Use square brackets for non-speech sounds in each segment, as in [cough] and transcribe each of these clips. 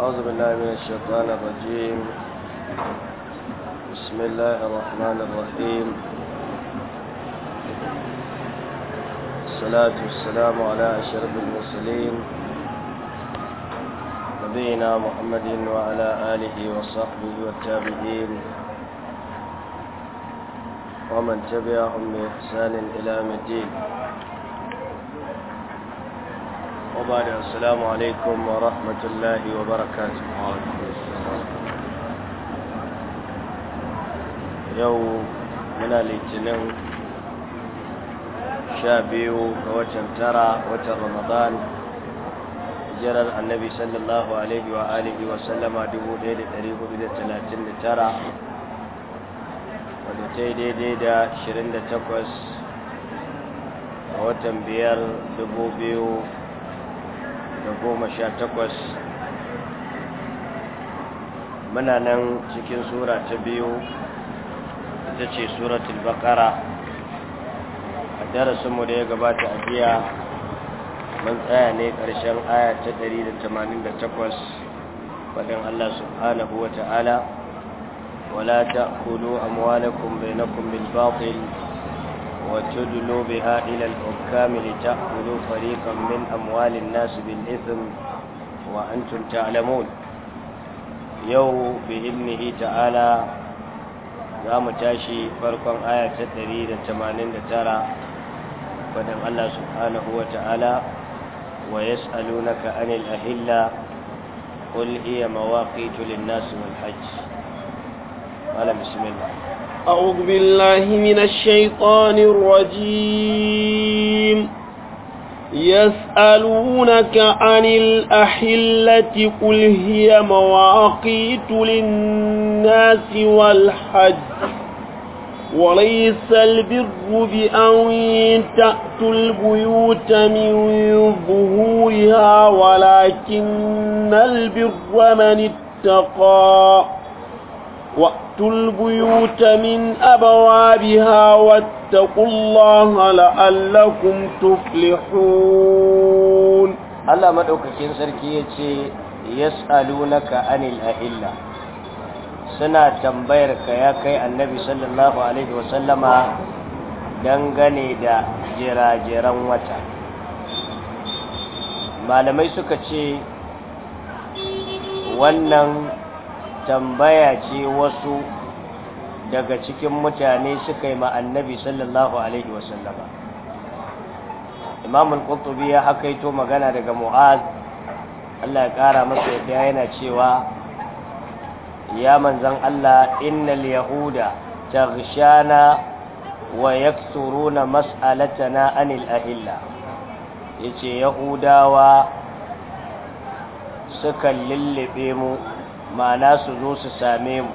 أعوذ بالله من الشيطان الرجيم بسم الله الرحمن الرحيم الصلاة والسلام على أشرف المرسلين نبينا محمد وعلى آله وصحبه والتابعين ومن تبعهم بإحسان إلى مدين وبعد السلام عليكم ورحمة الله وبركاته yau muna litinin sha biyu ga watan tara watan ramadan jirar annabi sallallahu alaihi wa alihi wa sallama 1439 wadda ta dai daidai da 28 a watan biyar dubu biyu. da goma sha takwas muna nan cikin sura ta biyu ita ce suratul bakara a darasinmu da ya gabata a jiya mun tsaya ne ƙarshen aya ta 188 wajen Allah subhanahu wa ta'ala wala ta'kulu amwalakum bainakum bil batil وتدلوا بها إلى الحكام لتأخذوا فريقا من أموال الناس بالإثم وأنتم تعلمون يو بإذنه تعالى قام تاشي فرقا آية تدريد التمانين ترى فدم الله سبحانه وتعالى ويسألونك عن الأهلة قل هي مواقيت للناس والحج قال بسم الله أعوذ بالله من الشيطان الرجيم يسألونك عن الأحلة قل هي مواقيت للناس والحج وليس البر بأن تأتوا البيوت من ظهورها ولكن البر من اتقى واتوا البيوت من ابوابها واتقوا الله Sarki تفلحون الله مدوكاكين سركي يتي يسالونك عن الاهله suna tambayar ka ya kai annabi sallallahu alaihi wasallama dangane da jirajiran wata malamai suka ce wannan tambaya ce wasu daga cikin mutane suka yi annabi sallallahu alaihi wasallama imamul qurtubi ya hakaito magana daga mu'az Allah ya kara masa yadda yana cewa ya manzan Allah innal yahuda rishana wa ya na masalata na anil ahilla ce yahudawa suka lullube mu ma'ana su zo su same mu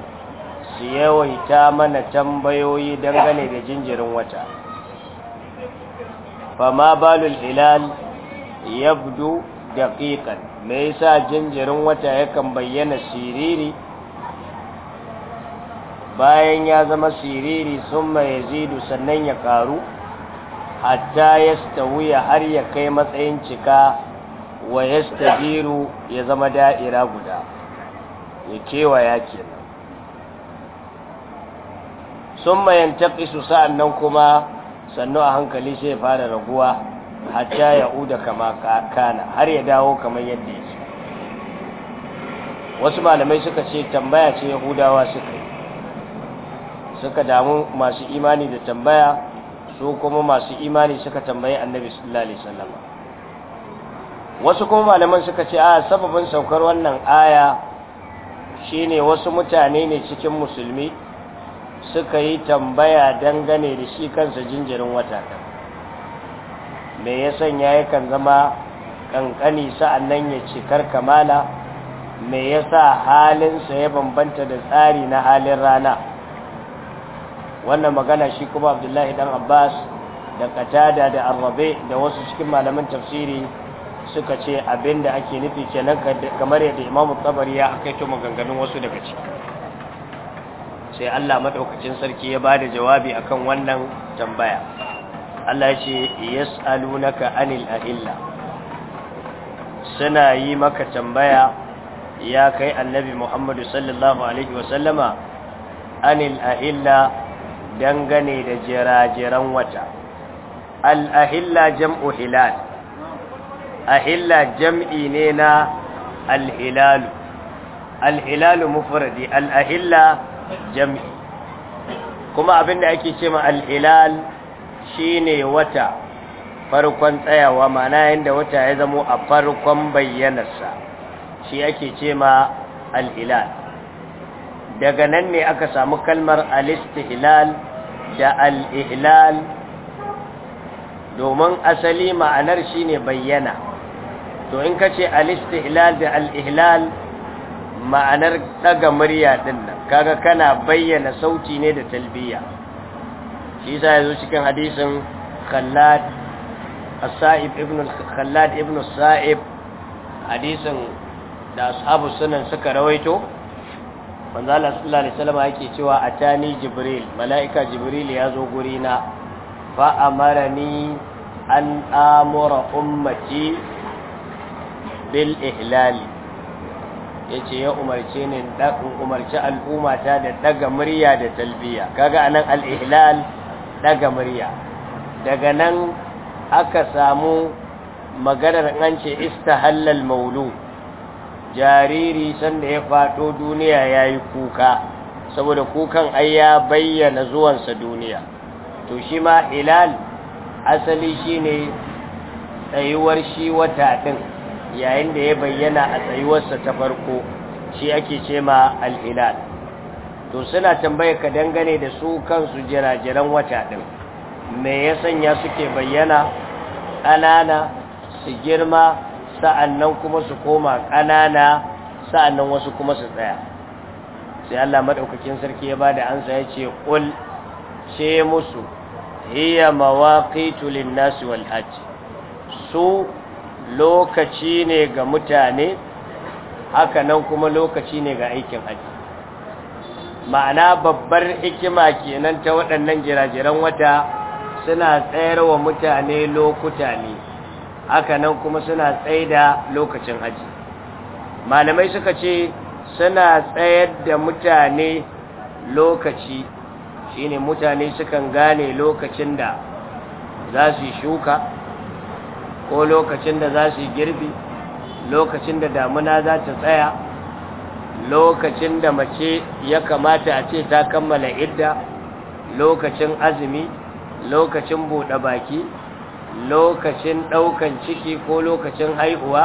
su yawaita mana tambayoyi dangane da jinjirin wata fama balul hilal yabdu daƙiƙan. me yasa jinjirin wata yakan bayyana siriri bayan ya zama siriri sun summa yazidu sannan ya karu hatta wuya har ya kai matsayin cika wa yastajiru ya zama da'ira guda ya kewaya kenan sun mayan taƙisu sa'an nan kuma sannu a hankali sai fara raguwa hatta ya uda kama kana har ya dawo kamar yadda ya ce wasu malamai suka ce tambaya ce yahudawa suka yi suka damu masu imani da tambaya su kuma masu imani suka tambayi annabi sallallahu alaihi wasallam wasu kuma malaman suka ce a sababin saukar wannan aya shine wasu mutane ne cikin musulmi suka yi tambaya dangane da shi kansa jinjirin wata kan me ya sanya yakan zama kankani sa'annan ya cikar kamala me ya yasa halinsa ya bambanta da tsari na halin rana wannan magana shi kuma abdullahi dan abbas da katada da arrabe da wasu cikin malaman tafsiri suka ce abin da ake nufi kenan kamar yadda imamu tabari ya akaito maganganun wasu daga ciki sai Allah madaukakin sarki ya bada jawabi akan wannan tambaya Allah ya ce yas'alunaka anil ahilla suna yi maka tambaya ya kai annabi Muhammadu sallallahu alaihi wasallama anil ahilla dangane da jirajiran wata al ahilla jam'u hilal ahila jam'i ne na alhilalu alhilalu mufradi al'ahilla jam'i kuma abinda ake ce ma alhilal shine wata farkon tsayawa mana yadda wata ya zamo a farkon bayyanarsa shi ake ce ma alhilal daga nan ne aka samu kalmar alistilal da al'ilal domin asali ma'anar shine bayyana to in ka ce alistihlal da al'ihlal ma'anar daga murya din nan kaga kana bayyana sauti ne da talbiya shi sa yazo cikin hadisin khallad as-sa'ib ibn khallad ibn as-sa'ib hadisin da ashabu sunan suka rawaito manzo Allah sallallahu alaihi wasallam yake cewa atani jibril mala'ika jibril ya zo guri na fa amarani an amura ummati bil ihlali yace ya umarce ne da umarci al'umma ta da daga murya da talbiya kaga anan al ihlal daga murya daga nan aka samu maganar an ce istahallal maulu jariri sanda ya fado duniya yayi kuka saboda kukan ai ya bayyana zuwansa duniya to shi ma hilal asali shine tsayuwar shi wata din yayin da ya bayyana a tsayuwarsa ta farko shi ake ce ma alhilal to suna tambaye ka dangane da su kansu jirajiran wata ɗin me ya sanya suke bayyana ƙanana su girma sa'annan kuma su koma ƙanana sa'annan wasu kuma su tsaya sai Allah madaukakin sarki ya da ansa ya ce ƙul ce musu hiya mawaqitu lin-nasi wal-hajj su lokaci ne ga mutane haka kuma lokaci ne ga aikin haji ma'ana babbar hikima kenan ta waɗannan jirajiran wata suna tsayar wa mutane lokuta ne haka kuma suna tsayar da lokacin haji malamai suka ce suna tsayar da mutane lokaci shine mutane sukan gane lokacin da za su shuka ko lokacin da za su yi girbi lokacin da damuna za ta tsaya lokacin da mace ya kamata a ce ta kammala idda lokacin azumi lokacin buɗe baki lokacin ɗaukan ciki ko lokacin haihuwa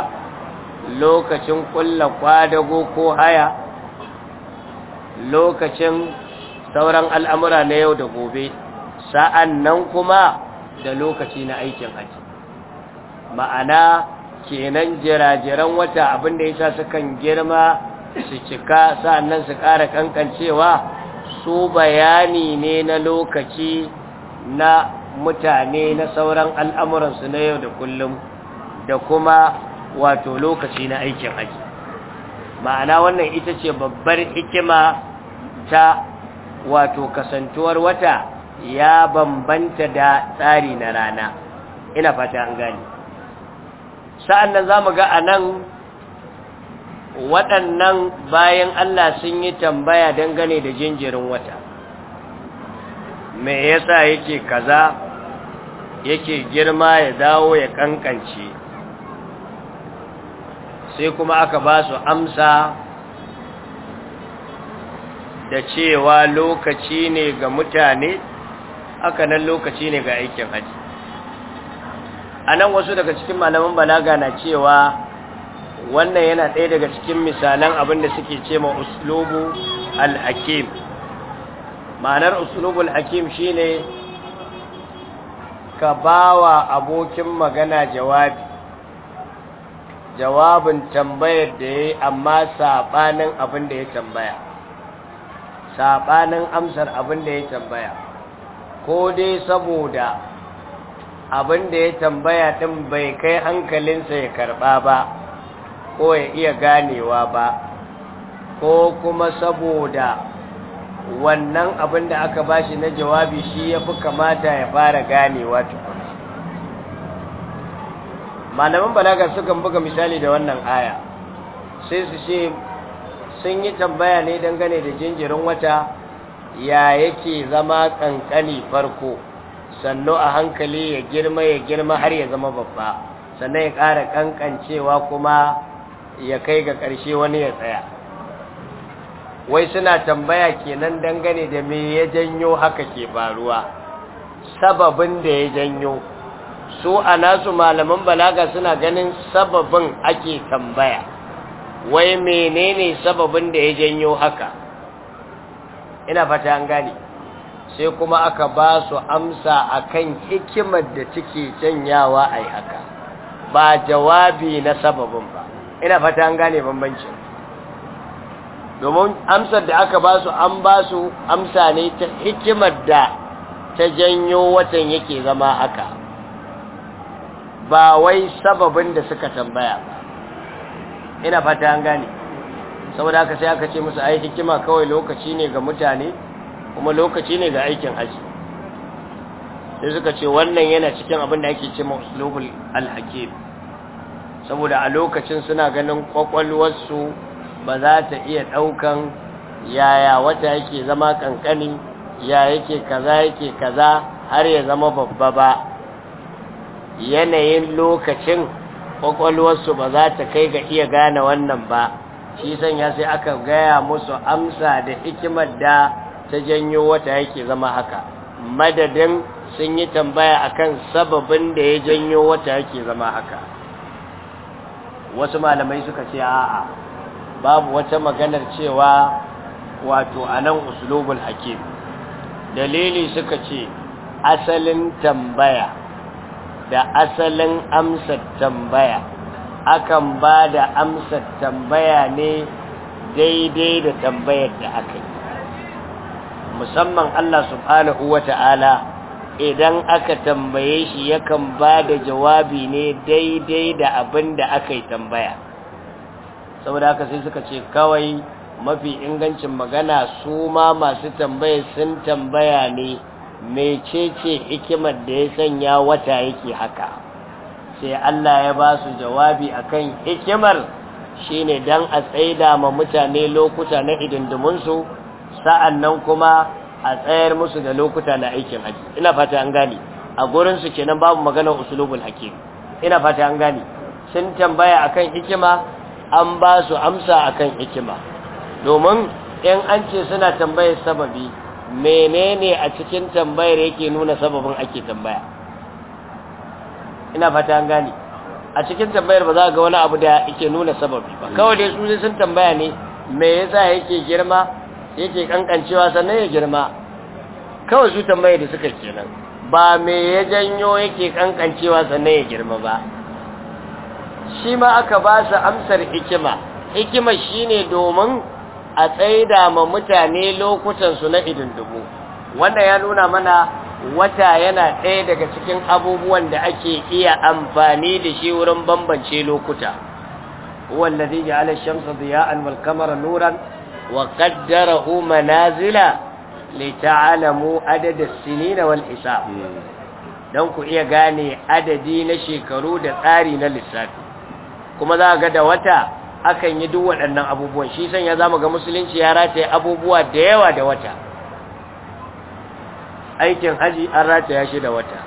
lokacin ƙulla kwadago ko haya lokacin sauran al'amura na yau da gobe sa'an nan kuma da lokaci na aikin aji ma'ana kenan jirajiran wata abinda ya sa sukan girma su cika sa'annan su ƙara kankancewa su bayani ne na lokaci na mutane na sauran al'amuransu na yau da kullum da kuma wato lokaci na aikin haji ma'ana wannan ita ce babbar hikima ta wato kasantuwar wata ya bambanta da tsari na rana ina fata an gani sa'an nan za mu ga a nan waɗannan bayan Allah sun yi tambaya dangane da jinjirin wata me yasa yake kaza yake girma ya dawo ya ƙanƙance? sai kuma aka ba su amsa da cewa lokaci ne ga mutane haka nan lokaci ne ga aikin haji a nan wasu daga cikin malaman balaga na cewa wannan yana ɗaya daga cikin misalan abin da suke ce ma uslubu al-hakim ma'anar uslubu al-hakim shine ka bawa abokin magana jawabi jawabin tambayar da ya yi amma saɓanin abin da ya tambaya saɓanin amsar abin da ya tambaya ko dai saboda abin da ya tambaya din bai kai hankalinsa ya karɓa ba ko ya iya ganewa ba ko kuma saboda wannan abin da aka bashi na jawabi shi ya fi kamata ya fara ganewa tukun malaman balaga sukan buga misali da wannan aya sai su ce sun yi tambaya ne dangane da jinjirin wata ya yake zama kankani farko sannu a hankali ya girma ya girma har ya zama babba sannan ya ƙara ƙanƙancewa kuma ya kai ga ƙarshe wani ya tsaya wai suna tambaya kenan dangane da me ya janyo haka ke faruwa sababin da ya janyo su a nasu malaman balaga suna ganin sababin ake tambaya wai menene sababin da ya janyo haka ina fata an gani. sai kuma aka ba su amsa akan hikimar da take janyawa yi haka ba jawabi na sababin ba ina fata gane bambanci domin amsar da aka ba su an ba su amsa ne ta hikimar da ta janyo watan yake zama haka ba wai sababin da suka tambaya ba ina fata gane saboda aka sai aka ce musu ai hikima kawai lokaci ne ga mutane kuma lokaci ne ga aikin haji sai suka ce wannan yana cikin abin da ake ce mauslubul alhakim saboda a lokacin suna ganin kwakwalwarsu ba za ta iya ɗaukan yaya wata yake zama kankani ya yake kaza yake kaza har ya zama babba ba yanayin lokacin kwakwalwarsu ba za ta kai ga iya gane wannan ba shi sanya sai aka gaya musu amsa da hikimar da ta janyo wata yake zama haka madadin sun yi tambaya akan sababin da ya janyo wata yake zama haka wasu malamai suka ce a'a babu wata maganar cewa wato anan uslubul hakim dalili suka ce asalin tambaya da asalin amsar tambaya akan ba da amsar tambaya ne daidai da tambayar da aka musamman Allah subhanahu wata'ala idan aka tambaye shi yakan ba da jawabi ne daidai da abin da aka yi tambaya saboda haka sai suka ce kawai mafi ingancin magana su ma masu tambaye sun tambaya ne mai mecece hikimar da ya sanya wata yake haka sai Allah ya ba su jawabi akan hikimar shine dan a tsaida ma mutane lokuta na idindiminsu sa'annan kuma a tsayar musu da lokuta na aikin haji ina fata an gane a gurin su kenan babu maganar usulubul hakim ina fata an gane sun tambaya akan hikima an ba su amsa akan hikima domin in an ce suna tambayar sababi menene a cikin tambayar yake nuna sababin ake tambaya ina fata an gane a cikin tambayar ba za ga wani abu da yake nuna sababi ba kawai dai su sun tambaya ne me yasa yake girma yake kankancewa sannan ya girma kawai su mai da suka kenan ba mai ya janyo yake kankancewa sannan ya girma ba shi ma aka ba su amsar hikima hikima shi ne domin a tsaida ma mutane lokutansu na dubu. wanda ya nuna mana wata yana ɗaya daga cikin abubuwan da ake iya amfani da shi wurin bambance lokuta huwa allazi ja'ala ash-shamsa diya'an wal qamara nuran وقدره منازل manazila عدد السنين والحساب as-sinin ku iya gane adadi na shekaru da tsari na lissafi kuma za ga da wata akan yi duk waɗannan abubuwan shi san ya zama ga musulunci ya rataye abubuwa da yawa da wata aikin haji an rataya shi da wata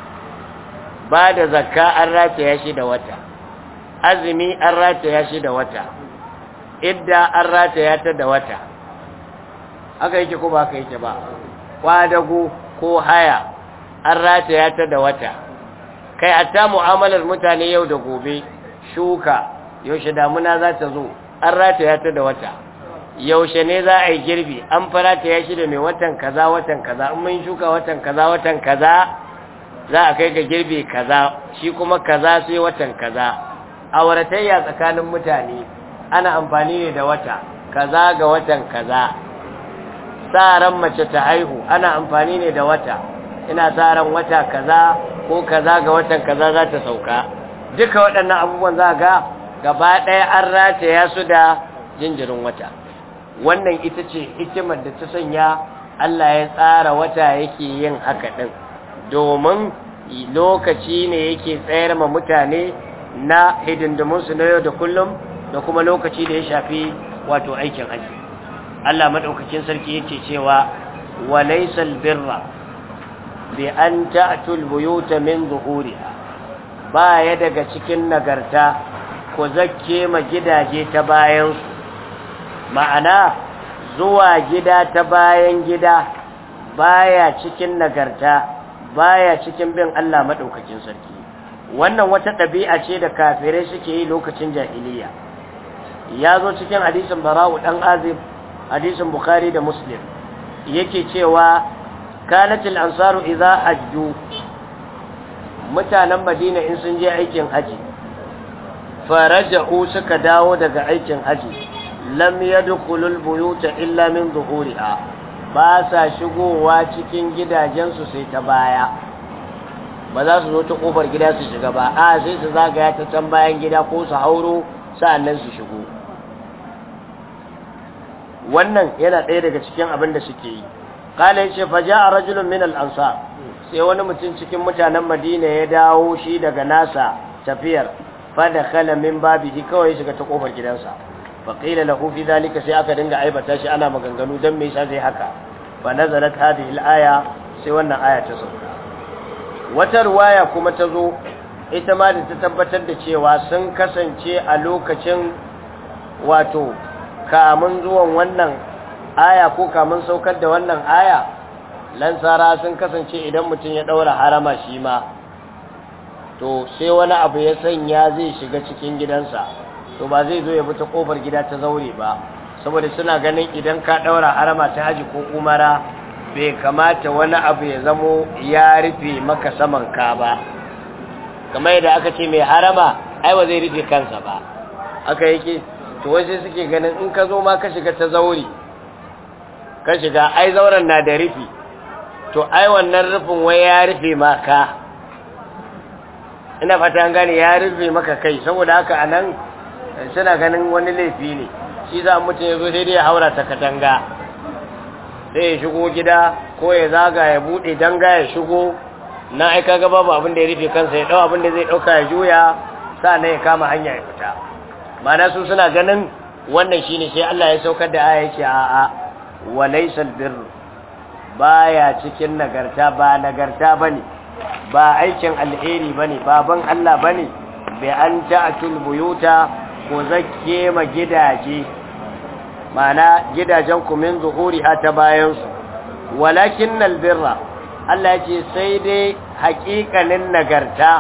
ba da zakka an rataya shi da wata azumi an rataya shi da wata idda an rataya ta da wata aka yake ko ba aka yake ba kwadago ko haya an rataya ta da wata kai a ta mu'amalar mutane yau da gobe shuka yaushe damuna za ta zo an rataya ta da wata yaushe ne za a yi girbi an farata ya shi da mai watan kaza watan kaza in mun shuka watan kaza watan kaza za a kai ga girbi kaza shi kuma kaza sai watan kaza auratayya tsakanin mutane ana amfani ne da wata kaza ga watan kaza tsaran mace ta haihu ana amfani ne da wata ina tsaran wata kaza ko kaza ga watan kaza za ta sauka duka waɗannan abubuwan za ga gaba ɗaya an ya su da jinjirin wata wannan ita ce hikimar da ta sanya Allah ya tsara wata yake yin haka ɗin domin lokaci ne yake tsayar ma mutane na hidindimunsu na yau da kullum da kuma lokaci da ya shafi wato aikin haji Allah madaukakin sarki yake cewa wa laysal birra bi an ta'tu al min zuhuriha ba daga cikin nagarta ko zakke ma gidaje ta bayan ma'ana zuwa gida ta bayan gida baya cikin nagarta baya cikin bin Allah madaukakin sarki wannan wata ɗabi'a ce da kafirai suke yi lokacin jahiliya ya zo cikin hadisin bara'u dan azib hadisin bukhari da muslim yake cewa kanatil ansaru idza hajju mutanen madina in sun je aikin haji faraja'u suka dawo daga aikin haji lam yadkhulul buyuta illa min dhuhuriha ba sa shigowa cikin gidajensu sai ta baya ba za su zo ta kofar gida su shiga ba a sai su zagaya ta can bayan gida ko su hauro sa'annan su shigo wannan yana ɗaya daga cikin abin da suke yi kala yace fa a rajulun min al sai wani mutum cikin mutanen Madina ya dawo shi daga nasa tafiyar fada kalamin min babihi kawai shiga ta kofar gidansa fa da lahu fi zalika sai aka dinga aibata shi ana maganganu dan me yasa zai haka fa nazalat hadhihi al-aya sai wannan aya ta sauka wata ruwaya kuma ta zo ita ma da ta tabbatar da cewa sun kasance a lokacin wato kamun zuwan wannan aya ko kamun saukar da wannan aya lansara sun kasance idan mutum ya ɗaura harama shi ma to sai wani abu ya sanya zai shiga cikin gidansa to ba zai zo ya bi ta kofar gida ta zaure ba saboda suna ganin idan ka ɗaura harama ta haji ko umara bai kamata wani abu ya zamo ya rufe maka saman ka ba kamar yadda aka ce mai harama ai ba zai rufe kansa ba aka yake to wasu suke ganin in ka zo ma ka shiga ta zauri ka shiga ai zauren na da rufi to ai wannan rufin wai ya rufe maka ina fata an gane ya rufe maka kai saboda haka a nan suna ganin wani laifi ne shi za mutum ya zo sai dai ya haura ta katanga sai ya shigo gida ko ya zaga ya buɗe danga ya shigo na aika gaba babu abin da ya rufe kansa ya ɗau abin da zai ɗauka ya juya sa na ya kama hanya ya fita mana su suna ganin wannan shine sai Allah ya saukar da aya yake a a walaysal birr baya cikin nagarta ba nagarta bane ba aikin alheri bane baban Allah bane bi an ta'tul buyuta ko zakke ma gidaje mana gidajen ku min zuhuri ta bayansu. Walakin walakinnal birra Allah ya ce sai dai haƙiƙanin nagarta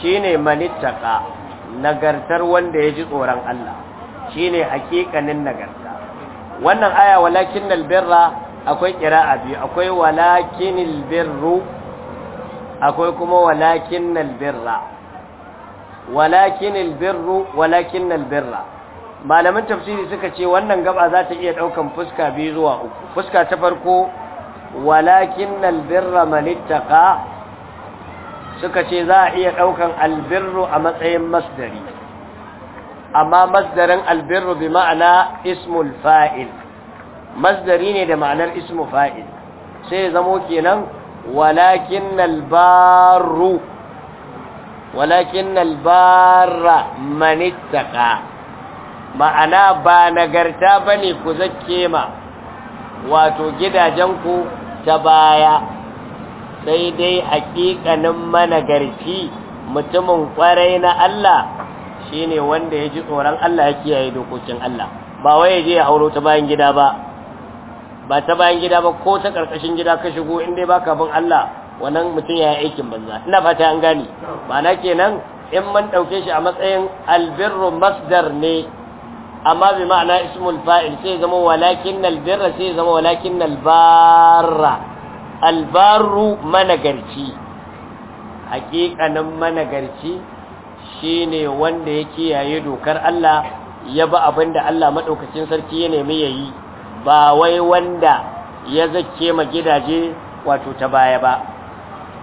shine manittaka nagartar wanda ya ji tsoron Allah shine hakikanin nagarta wannan aya walakin albirra akwai kira'a biyu akwai walakin albirru akwai kuma walakin albirra walakin albirru walakin albirra malaman tafsiri suka ce wannan gaba za ta iya daukan fuska biyu zuwa uku fuska ta farko walakin albirra man suka ce za a iya ɗaukan albirru a matsayin masdari amma masdarin albirru bi ma'ana ismul fa'il masdari ne da ma'anar ismu fa'il sai zamo kenan walakin albaru walakin albarra manittaka ma'ana ba nagarta bane ku zakke ma wato gidajenku ta baya sai dai haƙiƙanin managarci mutumin ƙwarai na Allah shi ne wanda ya ji tsoron Allah ya kiyaye dokokin Allah ba wai ya je ya hauro ta bayan gida ba ba ta bayan gida ba ko ta karkashin gida ka shigo in dai baka bin Allah wannan mutum ya yi aikin banza ina fata an gane ma'ana kenan in mun ɗauke shi a matsayin albirru masdar ne amma bi ma'ana ismul fa'il sai zama walakin albirra sai zama walakin albarra albaru managarci haƙiƙanin managarci shine wanda ya kiyaye dokar Allah ya ba abinda Allah maɗaukacin sarki ya nemi yayi ba wai wanda ya zake ma gidaje wato ta baya ba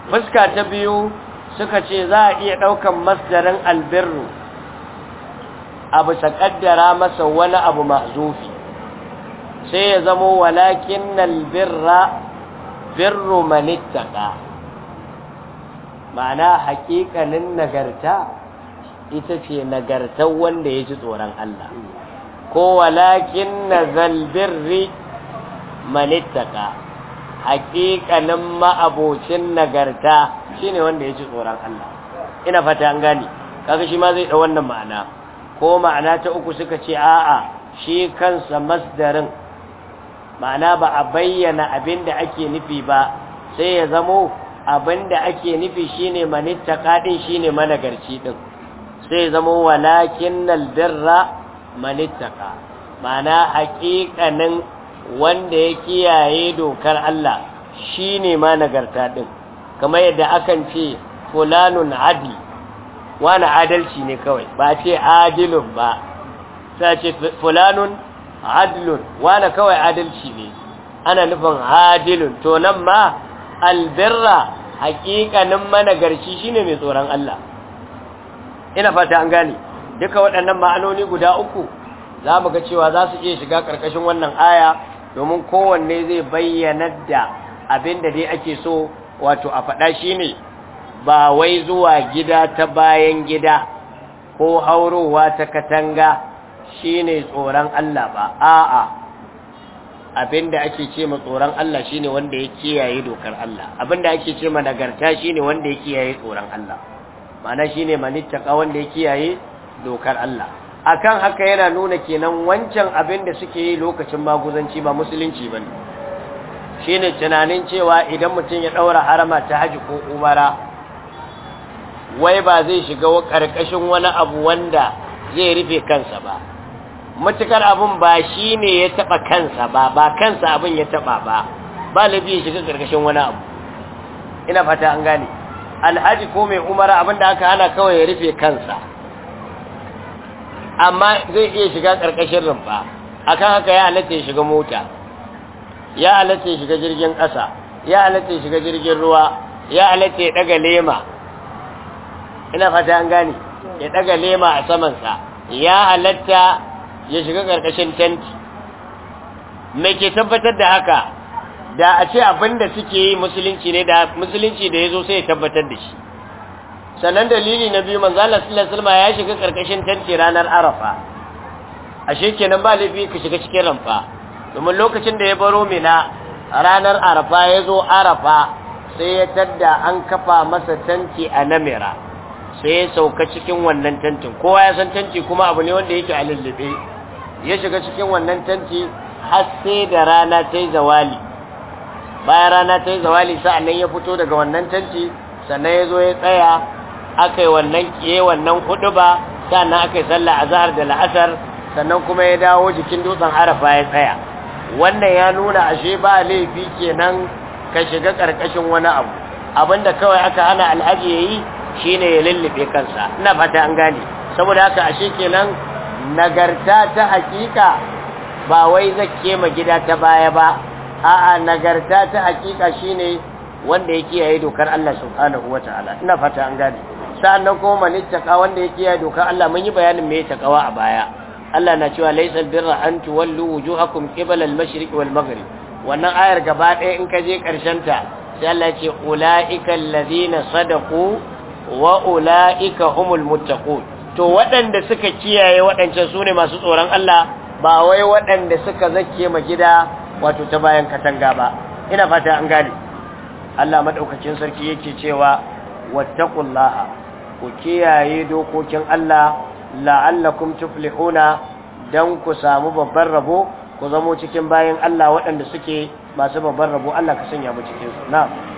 fuska ta biyu suka ce za a iya ɗaukan masdarin albirru abu ta ƙaddara masa wani abu mahzufi sai ya zamo walakin albirra birru manittaka ma'ana haƙiƙanin nagarta ita ce nagartar wanda ya ji tsoron Allah ko walakin nazal birri manittaka haƙiƙanin ma'abocin nagarta shine wanda ya ji tsoron Allah ina fata an gani kaga shi ma zai da wannan ma'ana ko ma'ana ta uku suka ce a'a shi kansa masdarin ma'ana ba a bayyana abin da ake nufi ba sai ya zamo abin da ake nufi shine manitta kadin shine managarci din sai ya zamo walakin albirra manitta ka ma'ana haƙiƙanin wanda ya kiyaye dokar Allah shine managarta din kamar yadda akan ce fulanun adi wani adalci ne kawai ba ce adilun ba sai ce fulanun adlun wane kawai adalci ne ana nufin adilun to nan ma albirra haƙiƙanin managarci shine mai tsoron Allah ina fata an gane duka waɗannan ma'anoni guda uku za mu ga cewa za su iya shiga ƙarƙashin wannan aya domin kowanne zai bayyana da abin da dai ake so wato a faɗa shi ne ba wai zuwa gida ta bayan gida ko haurowa ta katanga shine tsoron Allah ba a'a abinda ake ce ma tsoron Allah shine wanda ya kiyaye dokar Allah abinda ake ce ma nagarta shine wanda ya kiyaye tsoron Allah ma'ana shine manittaka wanda ya kiyaye dokar Allah akan haka yana nuna kenan wancan abinda suke yi lokacin maguzanci ba musulunci bane shine tunanin cewa idan mutum ya daura harama ta haji ko umara wai ba zai shiga karkashin wani abu wanda zai rufe kansa ba matukar abun ba shi ne ya taba kansa ba ba kansa abun ya taba ba ba labi ya shiga karkashin wani abu ina fata an gane alhaji ko mai umara abin da aka hana kawai ya rufe kansa amma zai iya shiga karkashin rumfa akan haka ya halatta ya shiga mota ya halatta ya shiga jirgin ƙasa ya halatta ya shiga jirgin ruwa ya halatta ya daga lema ina fata an gane ya daga lema a samansa ya halatta ya shiga ƙarƙashin tenti mai ke tabbatar da haka da a ce abin da suke yi musulunci ne da musulunci da ya zo sai ya tabbatar da shi sannan dalili na biyu manzala sallallahu alaihi ya shiga ƙarƙashin tenti ranar Arafa A shekenan ba laifi ka shiga cikin ramfa domin lokacin da ya baro mina ranar Arafa ya zo Arafa sai ya tadda an kafa masa tenti a Namira sai ya sauka cikin wannan tantin kowa ya san tanti kuma abu ne wanda yake a lullube ya shiga cikin wannan tanti har sai da rana ta yi zawali bayan rana ta yi zawali sa'annan ya fito daga wannan tanti sannan ya zo ya tsaya aka yi wannan kiye wannan hudu ba sa'annan aka yi sallah a zahar da la'asar sannan kuma ya dawo jikin dutsen arafa ya tsaya wannan ya nuna ashe ba laifi kenan ka shiga karkashin wani abu abinda kawai aka hana alhaji yayi shine ya lullube kansa ina fata an gane saboda haka ashe kenan nagarta ta hakika ba wai zakke ma gida ta baya ba a'a nagarta ta hakika shine wanda ya kiyaye dokar Allah subhanahu wataala ina fata an gane sa'annan kuma man ittaqa wanda ya kiyaye dokar Allah mun yi bayanin me takawa a baya Allah na cewa laysal birra an tuwallu wujuhakum qibala al-mashriq wal maghrib wannan ayar gaba ɗaya in ka je ƙarshen ta sai Allah ya ce ulaika alladhina sadaqu wa ulaika humul muttaqun to waɗanda suka kiyaye waɗancan su ne masu tsoron Allah ba wai waɗanda suka zake ma gida wato ta bayan katanga ba ina fata an gane Allah madaukakin sarki yake cewa wattaqullaha ku kiyaye dokokin Allah la'allakum tuflihuna dan ku samu babban rabo ku zamo cikin bayan Allah waɗanda suke masu babbar rabo Allah ka sanya mu cikin su na'am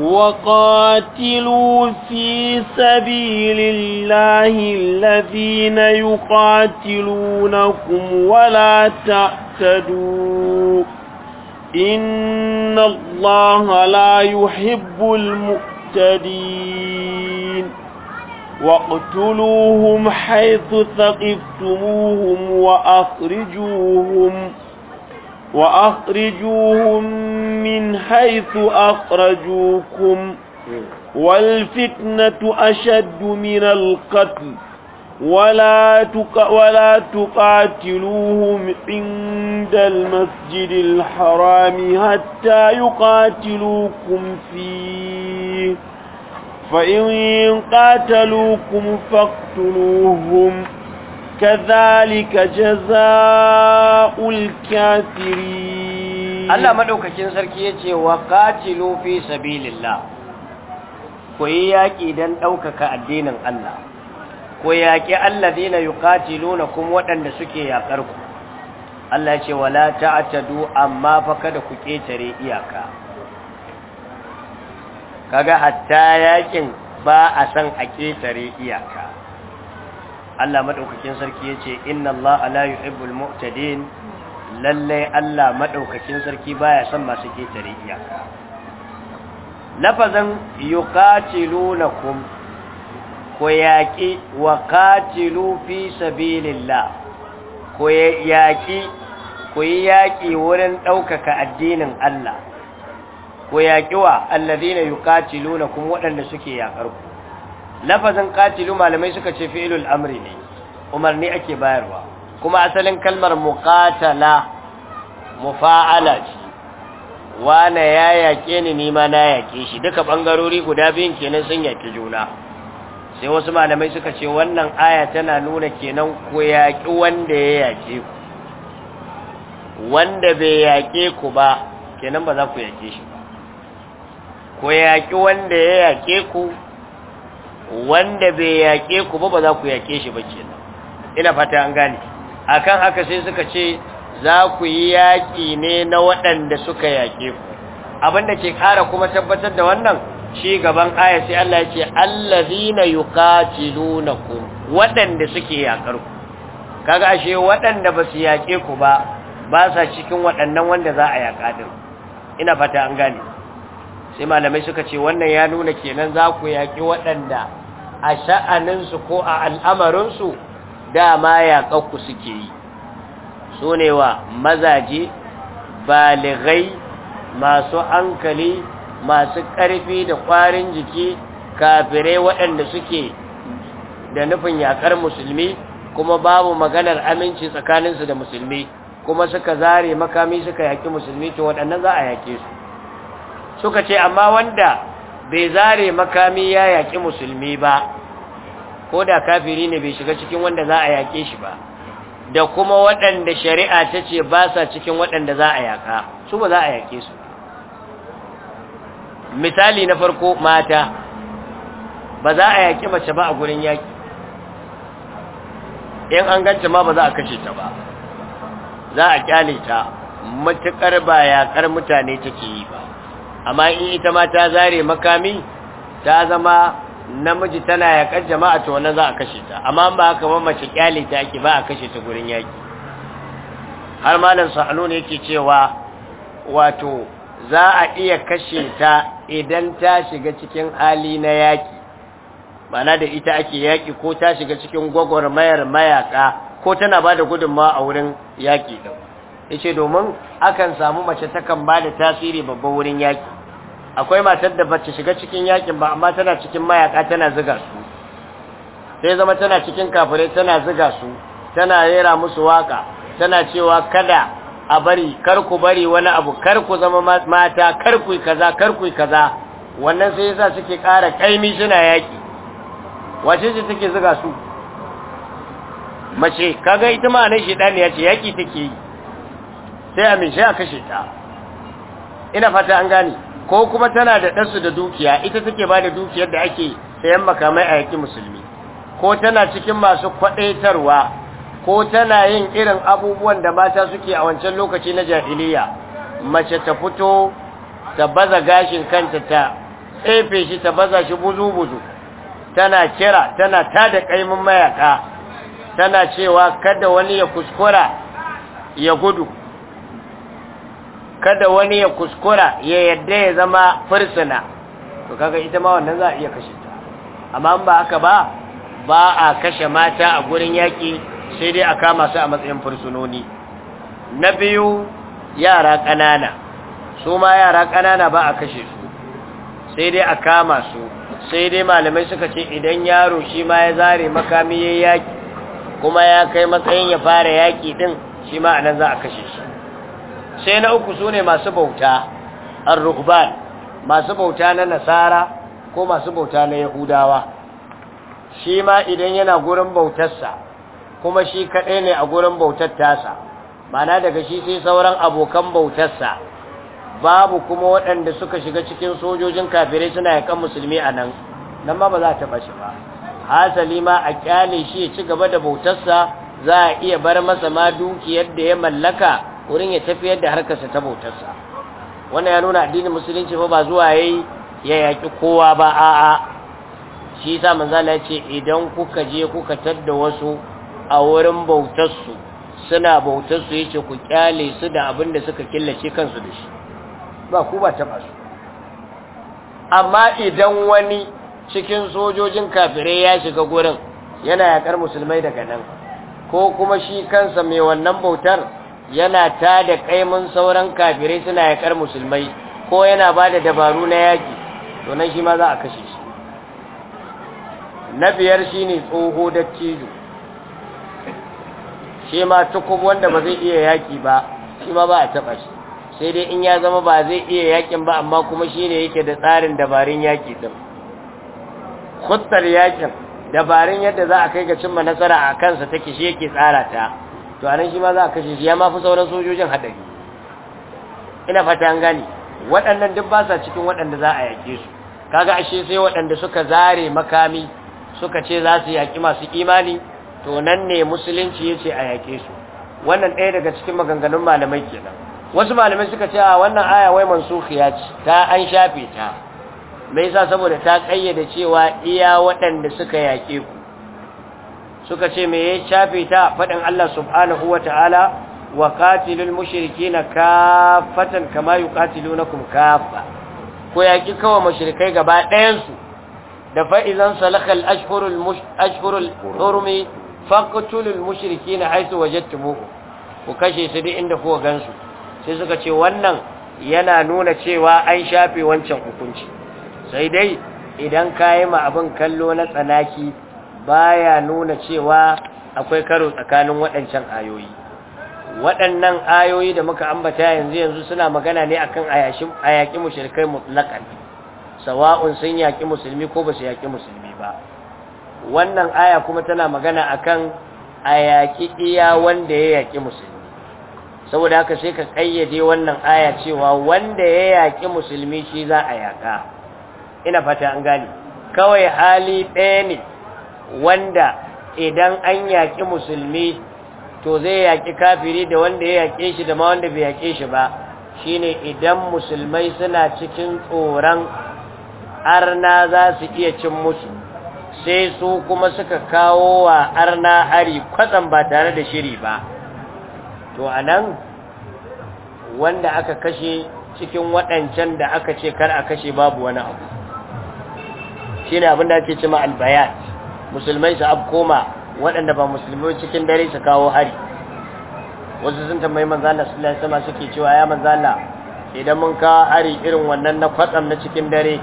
وقاتلوا في سبيل الله الذين يقاتلونكم ولا تعتدوا إن الله لا يحب المقتدين واقتلوهم حيث ثقفتموهم وأخرجوهم وأخرجوهم من حيث أخرجوكم والفتنة أشد من القتل ولا تق ولا تقاتلوهم عند المسجد الحرام حتى يقاتلوكم فيه فإن قاتلوكم فاقتلوهم Kazali ka je Allah maɗaukakin sarki ya ce waƙa tilo fi sabililla. Ku yi yaƙi don ɗaukaka addinin Allah. Ku yaƙi Allah daina yuƙati luna kuma waɗanda suke yaƙar ku. Allah ce, wala ta'a amma fa kada ku ƙetare iyaka. kaga hatta hattaya yaƙin, ba a san a ƙetare iyaka. Allah maɗaukakin sarki yace inna Allah la yuhibbul mu'tadin lalle Allah maɗaukakin sarki baya son masu ketare iyaka lafazan yuqatilunakum ko yaƙi wa qatilu fi sabilillah ko yaƙi ko yaƙi wurin ɗaukaka addinin Allah ko yaqiwa luna yuqatilunakum waɗanda suke yakar lafazin katilu malamai suka ce fi'ilul amri ne umarni ake bayarwa kuma asalin kalmar muqatala mufa'ala ce wane ya yaƙe ni ni ma na yaƙe shi duka bangarori guda biyun kenan sun yaƙi juna sai wasu malamai suka ce wannan aya tana nuna kenan ku yaƙi wanda ya yaƙe ku wanda bai yaƙe ku ba kenan ba za ku yaƙe shi ba ku yaƙi wanda ya yaƙe ku wanda bai yaƙe ku ba ba za ku yaƙe shi ba ce ina fata an gane akan haka sai suka ce za ku yi yaƙi ne na waɗanda suka yaƙe ku abinda ke ƙara kuma tabbatar da wannan shi gaban aya sai Allah ya ce allazina yuqatilunakum waɗanda suke yaƙar ku kaga ashe waɗanda ba su yaƙe ku ba ba sa cikin waɗannan wanda za a yaƙa din ina fata an gane sai malamai suka ce wannan ya nuna kenan za ku yaƙi waɗanda a sha'aninsu ko a al'amarinsu dama yaƙakku suke yi su ne wa mazaje baligai masu hankali masu ƙarfi da ƙwarin jiki kafirai waɗanda suke da nufin yaƙar musulmi kuma babu maganar aminci tsakaninsu da musulmi kuma suka zare makami suka yaƙi musulmi to waɗannan za a yaƙe su suka ce amma wanda bai zare makami ya yaƙi musulmi ba ko da kafiri ne bai shiga cikin wanda za a yaƙe shi ba da kuma waɗanda shari'a ta ce ba sa cikin waɗanda za a yaƙa su ba za a yaƙe su misali na farko mata ba za a yaƙi mace ba a gurin yaƙi in an ganta ma ba za a kashe ta ba za a kyale ta matuƙar ba yaƙar mutane take yi ba amma in ita ma ta zare makami ta zama namiji tana yaƙar jama'a to wannan za a kashe ta amma ba haka ba mace kyale ta ake ba a kashe ta gurin yaki har malam sahlun yake cewa wato za a iya kashe ta idan ta shiga cikin hali na yaki mana da ita ake yaki ko ta shiga cikin gwagwarmayar mayaka ko tana ba da gudunmawa a wurin yaki ɗau yace domin akan samu mace takan ba da tasiri babban wurin yaki akwai matar da bata shiga cikin yakin ba amma tana cikin mayaka tana ziga su sai zama tana cikin kafirai tana ziga su tana rera musu waka tana cewa kada a bari kar ku bari wani abu kar ku zama mata kar ku kaza kar ku kaza wannan sai yasa suke ƙara kaimi suna yaki wace ce take ziga su mace kaga ita ma nan dan ya ce yaki take yi sai a a kashe ta ina fata an gane ko kuma tana da ɗansu da dukiya ita take ba da dukiyar da ake sayan makamai a yaƙi musulmi ko tana cikin masu kwaɗaitarwa ko tana yin irin abubuwan da mata suke a wancan lokaci na jahiliya mace ta fito ta baza gashin kanta ta tsefe shi ta baza shi buzu-buzu tana kira tana tada ƙaimin mayaka tana cewa kada wani ya kuskura ya gudu kada wani ya kuskura ya yadda ya zama fursuna to kaga ita ma wannan za a iya kashe ta amma ba haka ba ba a kashe mata a gurin yaƙi sai dai a kama su a matsayin fursunoni na biyu yara ƙanana su ma yara ƙanana ba a kashe su sai dai a kama su sai dai malamai suka ce idan yaro shi ma ya zare makami ya yaƙi kuma ya kai matsayin ya fara yaki din shi ma a nan za a kashe shi sai na uku sune masu bauta ar-ruhban masu bauta na nasara ko masu bauta na yahudawa shi ma idan yana gurin bautarsa kuma shi kaɗai ne a gurin bautar tasa mana daga shi sai sauran abokan bautarsa babu kuma waɗanda suka shiga cikin sojojin kafirai suna kan musulmi a nan nan ma ba za ta bashi ba hasali ma a kyale shi ya ci gaba da bautarsa za a iya bar masa ma dukiyar da ya mallaka wurin ya tafiyar da harkarsa ta bautarsa wannan ya nuna addinin musulunci ko ba zuwa yayi ya yaki kowa ba a'a shi yasa manzo Allah ya ce idan kuka je kuka tadda wasu a wurin bautarsu suna bautarsu yace ku kyale su da abin da suka killace kansu da shi ba ku ba taba su amma idan wani cikin sojojin kafirai ya shiga gurin yana yakar musulmai daga nan ko kuma shi kansa mai wannan bautar yana ta da kaimun sauran kafirai suna yakar musulmai ko yana ba da dabaru na yaki to nan shi ma za a kashe shi na biyar shi ne tsoho da cizo shi ma tukub wanda ba zai iya yaki ba shi ma ba a taɓa shi sai dai in ya zama ba zai iya yakin ba amma kuma shi ne yake da tsarin dabarun yaki din huttar yakin dabarun yadda za a kai ga cimma nasara a kansa take shi yake tsara ta to anan shi ma za a kashe shi ya mafi sauran sojojin haɗari ina fata an gane waɗannan duk ba sa cikin waɗanda za a yaƙe su kaga ashe sai waɗanda suka zare makami suka ce za su yaƙi masu imani to nan ne musulunci ya ce a yaƙe su wannan ɗaya daga cikin maganganun malamai kenan wasu malamai suka ce a wannan aya wai ya ce ta an shafe ta me yasa saboda ta kayyade cewa iya waɗanda suka yaƙe ku suka ce me ya shafe ta faɗin Allah subhanahu wa ta'ala wa katilul mushriki na kafatan kama yi katilu na kafa ko ƙi kawo mashirikai gaba ɗayansu da fa'izan salakal ashhurul hurumi faƙutulul mushriki na haisu wajen ku kashe su duk inda kuwa gansu sai suka ce wannan yana nuna cewa an shafe wancan hukunci sai dai idan ka yi ma abin kallo na tsanaki baya nuna cewa akwai karo tsakanin waɗancan ayoyi waɗannan ayoyi da muka ambata yanzu yanzu suna magana ne akan ayaki mushrikai mutlaqan sawa'un sun yaki musulmi ko ba su yaki musulmi ba wannan aya kuma tana magana akan ayaki iya wanda ya yaki musulmi saboda haka sai ka kayyade wannan aya cewa wanda ya yaki musulmi shi za a yaka ina fata an gane kawai hali ɗaya ne wanda idan an yaƙi musulmi to zai yaƙi kafiri da wanda ya yaƙe shi da ma wanda bai yaƙe shi ba shine idan musulmai suna cikin tsoron arna za su iya cin musu sai su kuma suka kawo wa arna hari kwatsam ba tare da shiri ba to anan wanda aka kashe cikin waɗancan da aka ce kar a kashe babu wani abu shine abin da ake cima albayat musulmai su abkoma waɗanda ba musulmai cikin dare su kawo hari wasu sun tambayi manzala su lai sama suke cewa ya manzala idan mun kawo hari irin wannan na kwatsam na cikin dare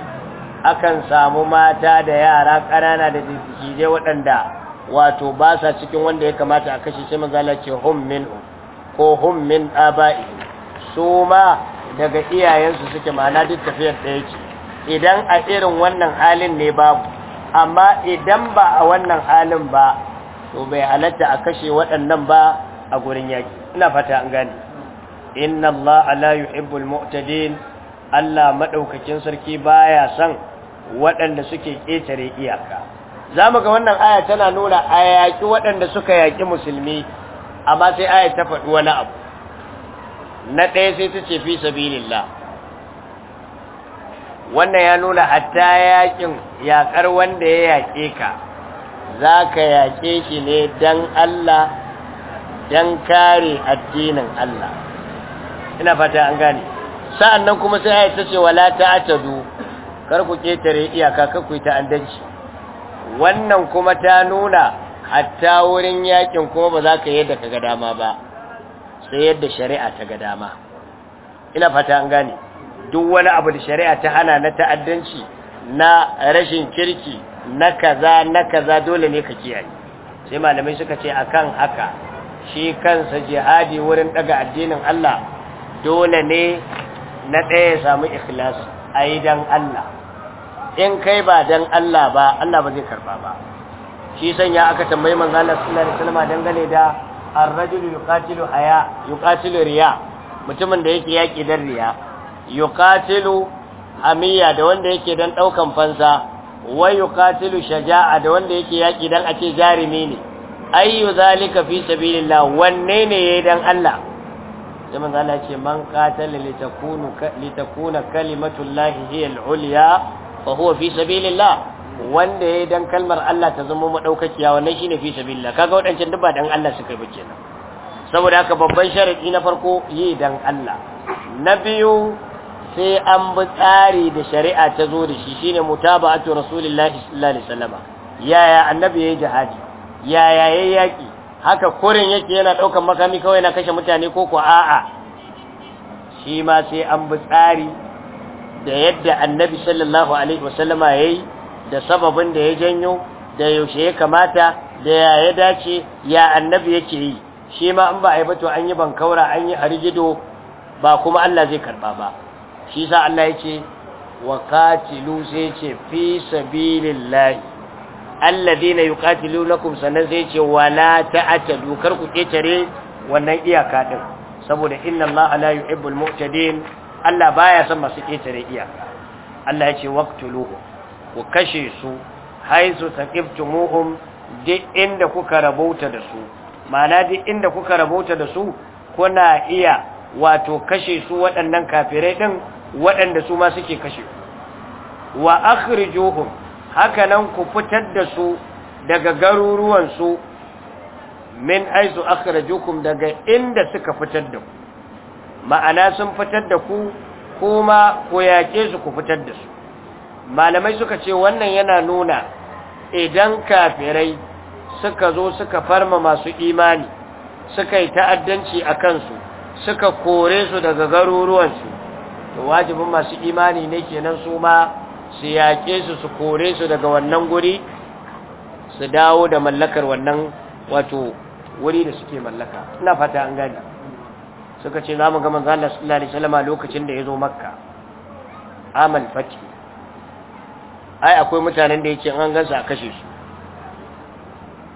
akan samu mata da yara ƙanana da dijije waɗanda wato ba sa cikin wanda ya kamata a kashe sai manzala ce hum min ko hum min ɗaba'i su ma daga iyayensu suke ma'ana duk tafiyar ɗaya ce idan a irin wannan halin ne babu amma idan ba a wannan halin ba to bai halatta a kashe waɗannan ba a gurin yaki ina fata an gane inna allah ala yuhibbul mu'tadin Allah madaukakin sarki baya san waɗanda suke ƙetare iyaka zamu ga wannan aya tana nuna a yaƙi waɗanda suka yaki musulmi amma sai aya ta faɗi wani abu na ɗaya sai ta ce fi sabilillah wannan ya nuna hatta yakin yakar wanda ya yake ka za ka yake shi ne don Allah don kare addinin Allah ina fata an gane sa'annan kuma sai ayat ce wala ta'tadu kar ku ketare iyaka kar ku andanci wannan kuma ta nuna hatta wurin yakin kuma ba za ka yadda ka ga dama ba sai yadda shari'a ta ga dama ina fata an gane duk wani abu da shari'a ta hana na ta'addanci na rashin kirki na kaza na kaza dole ne ka kiyaye sai malamai suka ce akan haka shi kansa jihadi wurin daga addinin Allah dole ne na ɗaya ya samu ikhlas a yi don Allah in kai ba don Allah ba Allah ba zai karba ba shi sanya aka tambayi manzo Allah sallallahu alaihi wasallam dangane da ar-rajulu yuqatilu riya mutumin da yake yaki dan riya yuqatilu hamiya da wanda yake dan daukan fansa wa yuqatilu shaja'a da wanda yake yaki dan ake ce jarimi ne ayyu zalika fi sabilillah wanne ne yayi dan Allah sai manzo Allah ce man qatala litakunu litakuna kalimatullahi hiya al-ulya fa huwa fi sabilillah wanda yayi dan kalmar Allah ta zama madaukakiya wannan shine fi sabilillah kaga wadancan duk ba dan Allah suka bi kenan saboda haka babban sharadi na farko yi dan Allah na biyu sai an bi tsari da shari'a ta zo da shi shine mutaba'atu rasulullahi sallallahu alaihi wasallam yaya annabi yayi jihadi yaya yayi yaki haka korin yake yana daukan makami kawai na kashe mutane ko ko a'a shi ma sai an bi tsari da yadda annabi sallallahu alaihi wasallam yayi da sababin da ya janyo da yaushe ya kamata da ya ya dace ya annabi yake yi shi ma an ba a yi bato an yi bankaura an yi harjido ba kuma Allah zai karba ba shi sa Allah yake ce qatilu sai ce fi sabilillahi na yuqatilunakum sannan sai ce wala ta'tadu kar ku ƙetare wannan iyaka din saboda inna Allah la yuhibbul mu'tadin Allah baya son masu ƙetare iyaka Allah yake waqtuluhu ku kashe su haizu taqiftumuhum duk inda kuka rabauta da su ma'ana duk inda kuka rabauta da su kuna iya wato kashe su waɗannan kafirai ɗin waɗanda su ma suke kashe wa akhrijuhum hakanan ku fitar da su daga garuruwan su min aizu akhrajukum daga inda suka fitar da ku ma'ana sun fitar da ku kuma ku yake su ku fitar da su malamai suka ce wannan yana nuna idan kafirai suka zo suka farma masu imani suka yi ta'addanci a kansu suka kore su daga garuruwan su. to wajibin masu imani ne kenan su ma su yaƙe su su kore su daga wannan guri su dawo da mallakar wannan wato wuri da suke mallaka ina fata an gani suka ce za mu ga manzo Allah sallallahu alaihi wasallam lokacin da ya zo makka amal fati ai akwai mutanen da yake an gansa a kashe su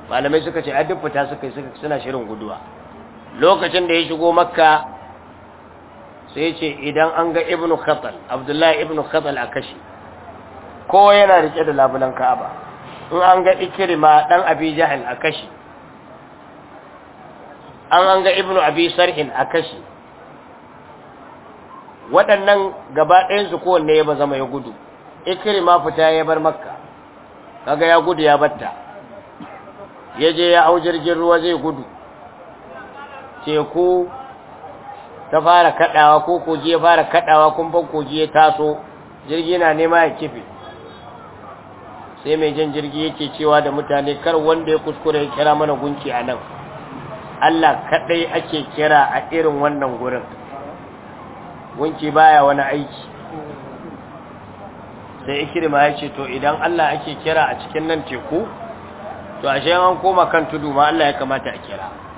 malamai suka ce a duk fita suka yi suna shirin guduwa lokacin da ya shigo makka sai ce idan an ga Ibn khatal abdullahi Ibn khatal a kashi ko yana rike da labulan ka'aba in an ga ikrima dan abi jahil a kashi an an ga Ibn abi sarhin a kashi waɗannan gaba ɗayan su kowanne ya ba zama ya gudu ikrima fita ya bar makka kaga ya gudu ya batta ya je ya aujirgin jirgin ruwa zai gudu teku ta fara kaɗawa ko kogi ya fara kadawa ban kogi ya taso jirgi na nema ya kife sai mai jan jirgi yake cewa da mutane kar wanda ya kuskure ya kira mana gunki a nan Allah kadai ake kira a irin wannan gurin gunki baya wani aiki sai ikirma ya ce to idan Allah ake kira a cikin nan teku to ashe an koma kan tudu ma Allah ya kamata a kira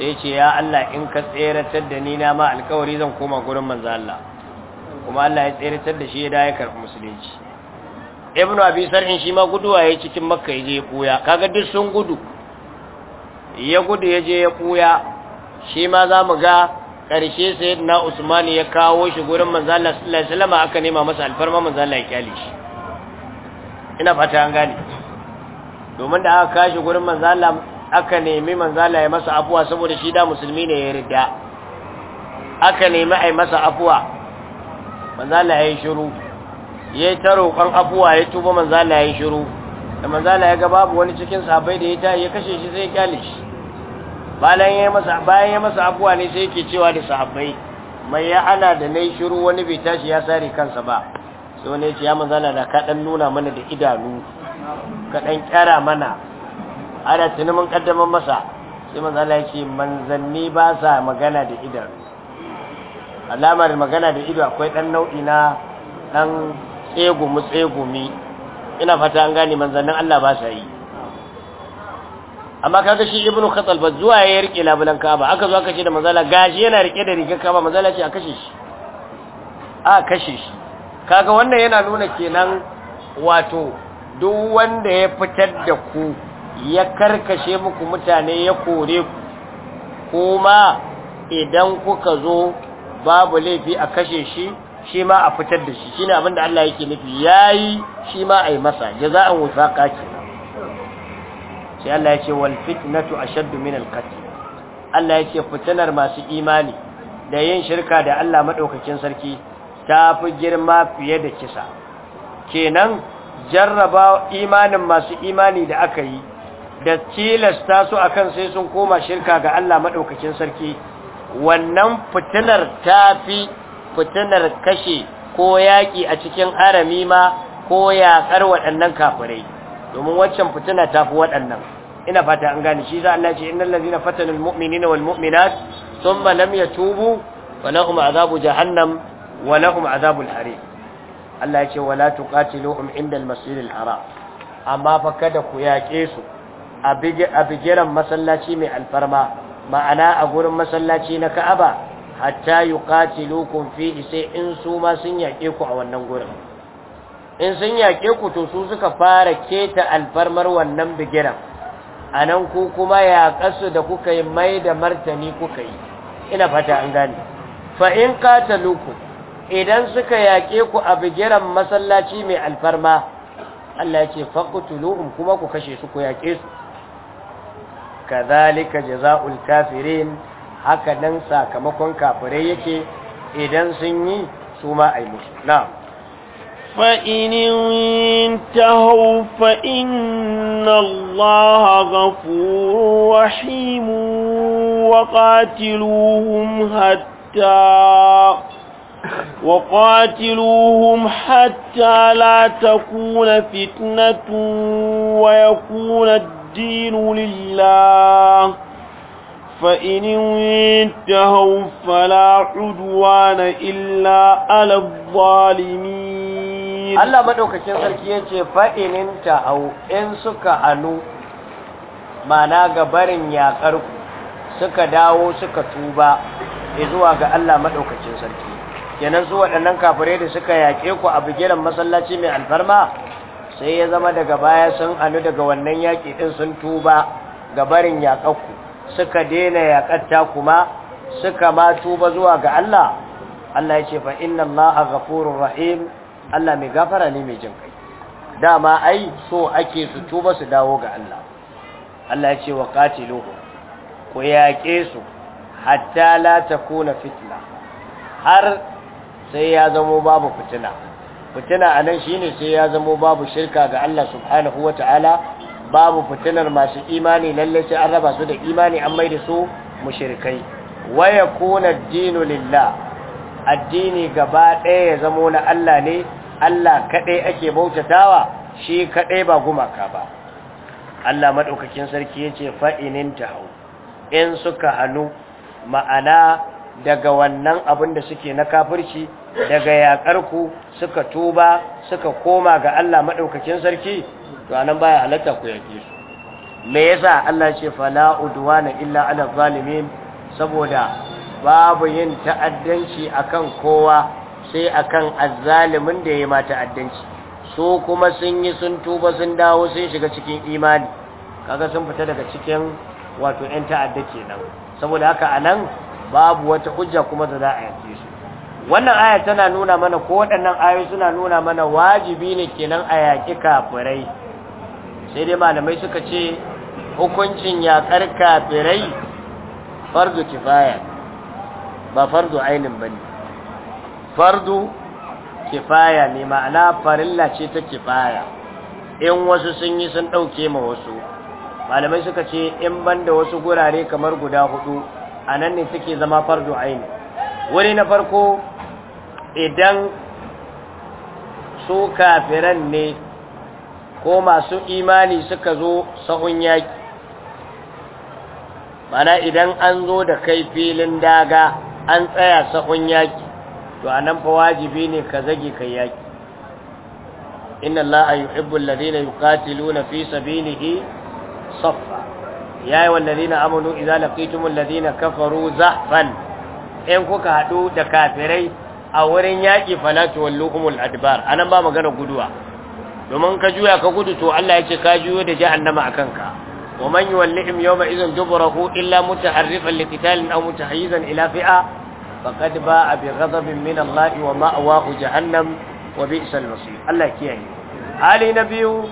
sai ce ya Allah in ka tseratar da ni na ma alkawari zan koma gurin manzo Allah kuma Allah ya tseratar da shi ya da ya karɓi musulunci ibnu abi sarhin shi ma guduwa ya cikin makka yaje ya kuya kaga duk sun gudu ya gudu yaje ya kuya shi ma za mu ga ƙarshe sayyidina usman ya kawo shi gurin manzo Allah sallallahu alaihi wasallam aka nema masa alfarma manzo Allah ya kyale shi ina fata an gane domin da aka kashi gurin manzo Allah aka nemi manzala ya masa afuwa saboda shi da musulmi ne ya rida aka nemi ai masa afuwa manzala ya yi shiru ya taro kan afuwa ya tuba manzala ya yi shiru da manzala ya ga babu wani cikin sahabbai da ya ta ya kashe shi sai ya kyale shi bayan ya masa bayan ya masa afuwa ne sai yake cewa da sahabbai mai ya ana da nayi shiru wani bai tashi ya sare kansa ba sai wani ya ce ya manzala da ka dan nuna mana da idanu ka dan kyara mana ana tuni mun kaddamar masa sai manzo Allah ya ce manzanni ba sa magana da idanu alamar magana da ido akwai dan nau'i na dan tsegumi tsegumi ina fata an gane manzannin Allah ba sa yi amma kaga shi ibnu khatal ba zuwa ya rike labulan kaba, aka zo aka ce da manzala gashi yana rike da rigar kaba, manzala ce a kashe shi a kashe shi kaga wannan yana nuna kenan wato duk wanda ya fitar da ku ya karkashe muku mutane ya kore ku kuma idan kuka zo babu laifi a kashe shi shi ma a fitar da shi shi abin da Allah yake nufi yi, shi ma yi masa za jaza'an wifaqa ke sai Allah yake wal fitnatu ashaddu min al qatl Allah yake fitinar masu imani da yin shirka da Allah madaukakin sarki ta fi girma fiye da kisa kenan jarraba imanin masu imani da aka yi da tilasta su akan sai sun koma shirka ga Allah madaukakin sarki wannan fitinar tafi fitinar kashe ko yaki a cikin arami ma ko yakar waɗannan kafirai domin waccan fitina tafi waɗannan ina fata an gane shi za Allah ce innal ladzina fatanul mu'minina wal thumma lam yatubu walahum azabu jahannam walahum azabul harim Allah ya ce wala tuqatiluhum inda al haram amma fa kada ku yaƙe su a bigiran masallaci mai alfarma ma'ana a gurin masallaci na ka'aba hatta yi katilukun fi sai in su ma sun yaƙe ku a wannan gurin in sun yaƙe ku to su suka fara keta alfarmar wannan bigiran a nan ku kuma yaƙasu da kuka yi mai da martani kuka yi ina fata an gane fa in idan suka yaƙe ku a bigiran masallaci mai alfarma Allah ya ce faƙutuluhum kuma ku kashe su ku yaƙe su kadhalika jazaul kafirin haka nan sakamakon kafirai yake idan sun yi suma ma ai musu na'am فإن انتهوا فإن الله غفور رحيم وقاتلوهم حتى وقاتلوهم حتى لا تكون فتنة ويكون الدين الدين لله فإن انتهوا فلا عدوان إلا على الظالمين الله مدوكشين سركي yace fa in intahu in suka hanu mana ga barin yakar suka dawo suka tuba zuwa ga Allah madaukakin sarki kenan su waɗannan kafirai da suka yaƙe ku a bigiran masallaci mai alfarma sai ya zama daga baya sun hannu daga wannan yaƙi ɗin sun tuba ga barin yaƙakku suka daina yaƙatta kuma suka ma tuba zuwa ga Allah Allah ya ce fa inna Allah ghafurur rahim Allah mai gafara ne mai jin kai dama ai so ake su tuba su dawo ga Allah Allah ya ce wa qatiluhu ku yaƙe su hatta la takuna fitna har sai ya zamo babu fitina fitina a nan ne sai ya zamo babu shirka ga Allah subhanahu wa ta'ala babu fitinar masu imani lallai sai an raba su da imani an mai da su mu Waya waya ad-dinu lillah addini gaba ɗaya ya zamo na Allah ne Allah kaɗai ake bautatawa shi kaɗai ba gumaka ba Allah maɗaukakin sarki yace ce, inin tahu in suka hannu ma'ana daga wannan abin da suke na kafirci daga ku suka tuba suka koma ga Allah maɗaukakin sarki to anan baya halatta ku yaƙi su me yasa Allah ce fala udwana illa ala zalimin saboda babu yin ta'addanci akan kowa sai akan azzalimin da yayi ma ta'addanci su kuma sun yi sun tuba sun dawo sun shiga cikin imani kaga sun fita daga cikin wato 'yan ta'adda kenan saboda haka anan babu wata hujja kuma da za a yaƙe su wannan aya tana nuna mana ko waɗannan ayoyi suna nuna mana wajibi ne kenan a yaƙi kafirai sai dai malamai suka ce hukuncin yaƙar kafirai fardu kifaya ba fardu ainin ba ne fardu kifaya ne ma'ana farilla ce ta kifaya in wasu sun yi sun ɗauke ma wasu malamai suka ce in banda wasu gurare kamar guda hudu a nan ne suke zama fardu ainin wuri na farko idan su kafiran ne ko masu imani suka zo sahun yaƙi mana idan an zo da kai filin daga an tsaya sahun yaƙi to a nan fa wajibi ne ka zage kai yaƙi inna allaha yuhibbu alladhina yuqatiluna fi sabilihi saffa ya ayu wallazina amanu idza laqitumul ladina kafaru zahfan in kuka haɗu da kafirai a wurin yaƙi falatu walluhumul adbar anan ba magana guduwa domin ka juya ka gudu to Allah yake ka juyo da jahannama akan ka wa man yuwallihim yawma idhin dubrahu illa mutaharrifan liqitalin aw mutahayyizan ila fi'a faqad ba'a bi ghadabin min Allah wa ma'wahu jahannam wa bi'sal masir Allah kiyaye hali na biyu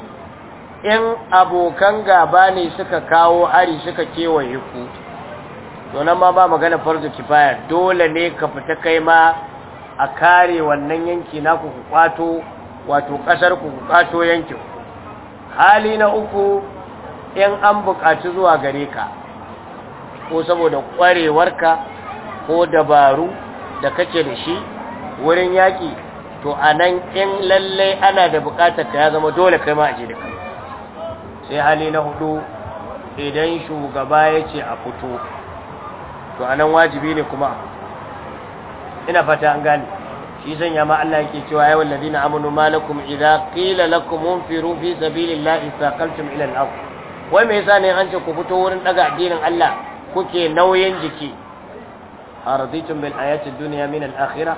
in abokan gaba ne suka kawo ari suka kewaye ku to nan ma ba magana farzu kifaya dole ne ka fita kai ma a kare wannan yanki na ku kwato wato kasar ku ku kwato yankin hali na uku in an buƙaci zuwa gare ka ko saboda ƙwarewarka ko dabaru da kake da shi wurin yaƙi to anan in lallai ana da buƙatar ka ya zama dole kai ma a je da kai sai hali na hudu idan shugaba ya ce a fito to a nan wajibi ne kuma a ina fata an gane shi sanya ma Allah yake cewa ya wallazina amanu malakum idza qila lakum unfiru fi sabilillahi saqaltum ila al-ard wai me yasa ne an ce ku fito wurin daga addinin Allah kuke nauyin jiki araditum bil hayati dunya min al-akhirah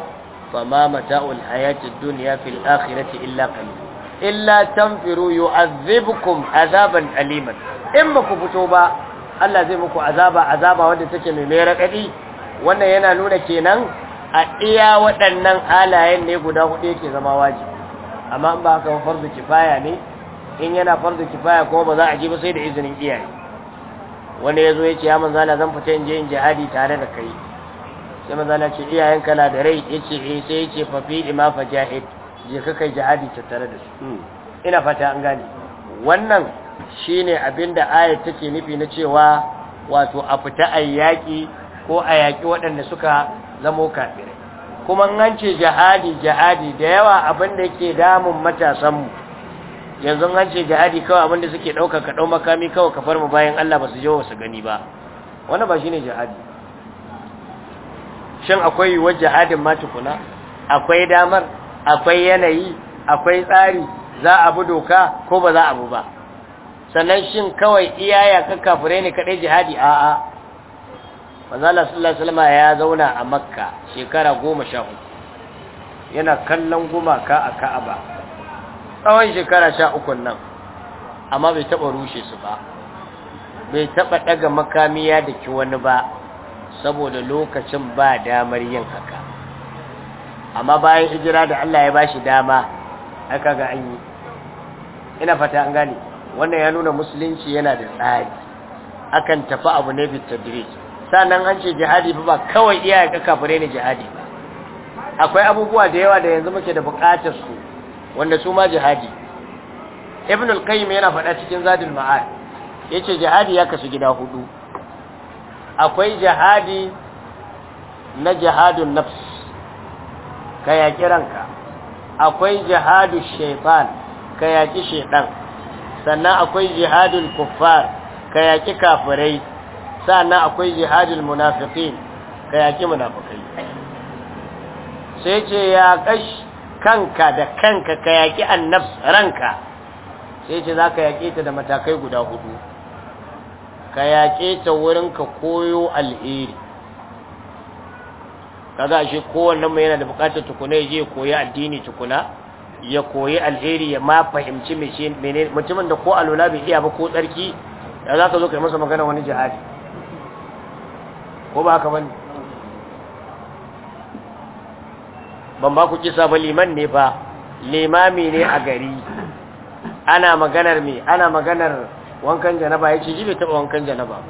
fama mata'ul hayati dunya fil akhirati illa qalil illa tanfiru yu'adhibukum azaban aliman in ba ku fito ba Allah zai muku azaba azaba wanda take mai mai raƙaɗi wannan yana nuna kenan a iya waɗannan halayen ne guda hudu yake zama wajibi amma in ba haka farzu kifaya ne in yana farzu kifaya kuma ba za a ji ba sai da izinin iyaye wanda ya zo ya ce ya na zan fita in je in jihadi tare da kai sai manzala ce iyayen kana da rai ya ce eh sai ya ce fafi ima fa jahid je ka kai jihadi tattare da su hmm. ina fata an gane wannan shine abinda ayat take nufi na cewa wato a fita ayyaki ko a yaƙi waɗanda suka zamo kafirai kuma an jihadi jihadi da yawa abin da yake damun matasanmu yanzu an ce jihadi kawai abin da suke ɗauka ka ɗau makami kawai ka farma bayan Allah ba su je wasu gani ba wannan ba shine jihadi shin akwai yiwuwar jihadin ma tukuna akwai damar akwai yanayi akwai tsari za a bi doka ko ba za a bu ba sannan shin kawai iyaya ka kafirai ne kaɗai jihadi a'a manzala sallallahu alaihi ya zauna a makka shekara goma sha uku yana kallon gumaka a ka'aba tsawon shekara sha uku nan amma bai taba rushe su ba bai taba ɗaga makamiya ya daki wani ba saboda lokacin ba damar yin haka amma bayan hijira da Allah ya bashi dama aka ga an yi ina fata an gane wannan ya nuna musulunci yana da tsari akan tafi abu ne bitadrij sannan an ce jihadi ba kawai iyaye ka kafire ne jihadi ba akwai abubuwa da yawa da yanzu muke da bukatar su wanda su ma jihadi ibn al-qayyim yana faɗa cikin zadul ma'ad yace jihadi ya kasu gida hudu akwai jihadi na jihadun nafs ka yaki ranka akwai jihadu shaytan ka yaki shaytan sannan akwai jihadul kuffar ka yaki kafirai sannan akwai jihadul munafiqin ka yaki munafikai sai ce ya kash kanka da kanka ka yaki annafs ranka sai ce zaka yaki ta da matakai guda hudu ka yaki ta wurin ka koyo alheri kaga shi kowanne mu yana da bukatar tukuna ya je koyi addini tukuna ya koyi alheri ya ma fahimci mutumin da ko alula bai iya ba ko tsarki da za ka zo ka yi masa magana wani jihadi ko ba haka bane ban ba ku kisa ba liman ne ba limami ne a gari ana maganar me ana maganar wankan janaba ya shi bai taba wankan janaba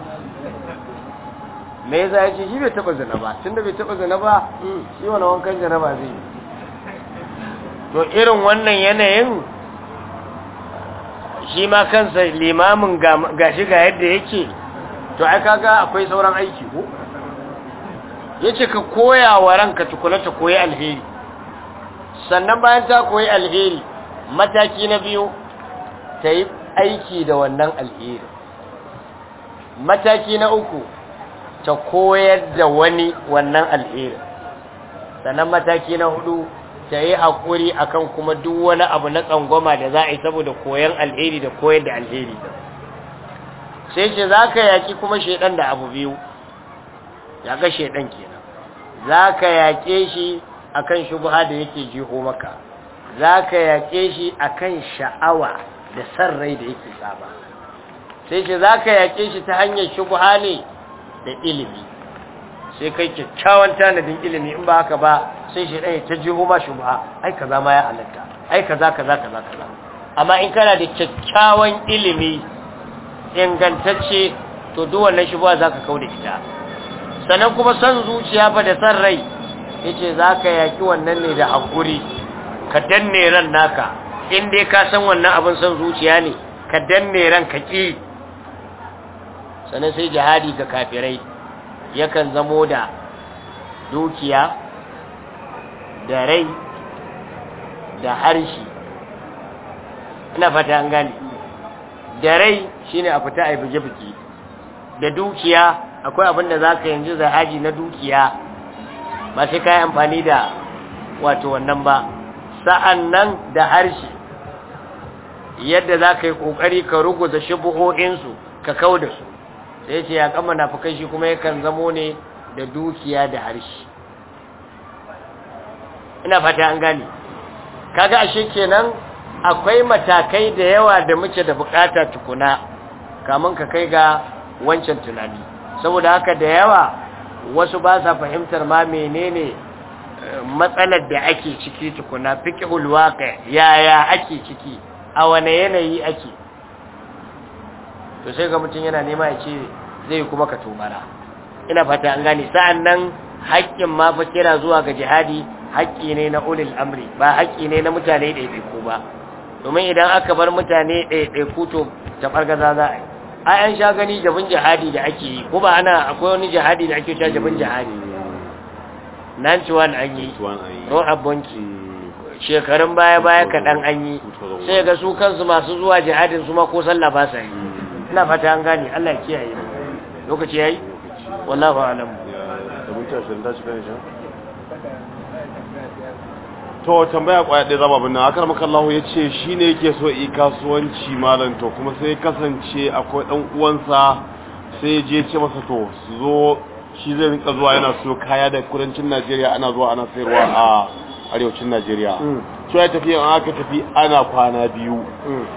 me za ya shi bai taba janaba tunda bai taba janaba hmm, shi wani wankan janaba zai to irin wannan yanayin shi ma kansa limamin ga ga yadda yake to ai kaga akwai sauran aiki ko yace ka koya wa ranka tukuna ta koyi alheri sannan bayan ta koyi alheri mataki na biyu ta yi aiki da wannan alheri mataki na uku ta koyar da wani wannan alheri sannan mataki na hudu ta yi haƙuri akan kuma duk wani abu na tsangwama da za a yi saboda koyan alheri da koyar da alheri sai ce za ka yaƙi kuma shaidan da abu biyu ya ga shaidan ke za ka yaƙe shi akan shubuha da yake jiho maka za ka yaƙe shi akan sha'awa da san rai da yake saba sai ce za ka yaƙe shi ta hanyar shubuha ne da ilimi sai kai kyakkyawan tanadin ilimi in ba haka ba sai shi ɗaya ta jiho ma shubuha ai ka ma ya halatta ai ka za ka za. amma in kana da kyakkyawan ilimi ingantacce to duwannan shubuha za ka kau da ita sannan kuma san zuciya ba da san rai yace zaka yaki wannan ne da hakuri ka danne ran naka in dai ka san wannan abin san zuciya ne ka danne ran ka ki sannan sai jihadi ga kafirai yakan zamo da dukiya da rai da harshe ina fata an gane. da rai shine a fita a buje-buke da dukiya akwai abin da za ka yanzu zai aji na dukiya ba sai ka yi amfani da wato wannan ba sa'an nan da harshe yadda za ka yi ƙoƙari ka ruguza shubuhohinsu ka kau da su sai ce ya kama nafukan shi kuma yakan zamo ne da dukiya da harshe ina fata an gane kaga ashe kenan akwai matakai da yawa da muke da bukata tukuna kamun ka kai ga wancan tunani saboda haka da yawa wasu ba sa fahimtar ma menene eh, matsalar da ake ciki tukuna fiqhul waqi yaya ake ciki a wane yanayi ake to sai ga mutum yana nema ya ce zai kuma ka tobara ina fata an gane sa'annan haƙƙin ma fa kira zuwa ga jihadi haƙƙi ne na ulil amri ba haƙƙi ne na mutane ɗaiɗaiku ba domin idan aka bar mutane ɗaiɗaiku to gaza za a yi a yan sha gani jabin jihadi da ake yi ko ba ana akwai wani jihadi da ake cewa jabin jihadi nan ci wani an yi rohab bonki shekarun baya baya kaɗan an yi sai ga su kansu masu zuwa jihadin su ma ko sallah ba sa yi ina fata an gane Allah kiyaye lokaci yayi wallahu a'lam da mun da tashi kan to tambaya kwaya ɗaya zama bin nan akar makallahu ya ce shi ne yake so yi kasuwanci malam to kuma sai kasance akwai ɗan uwansa sai je ce masa to su zo shi zai rinka zuwa yana so kaya da kudancin najeriya ana zuwa ana sayarwa a arewacin najeriya mm. to ya tafi an aka tafi ana kwana biyu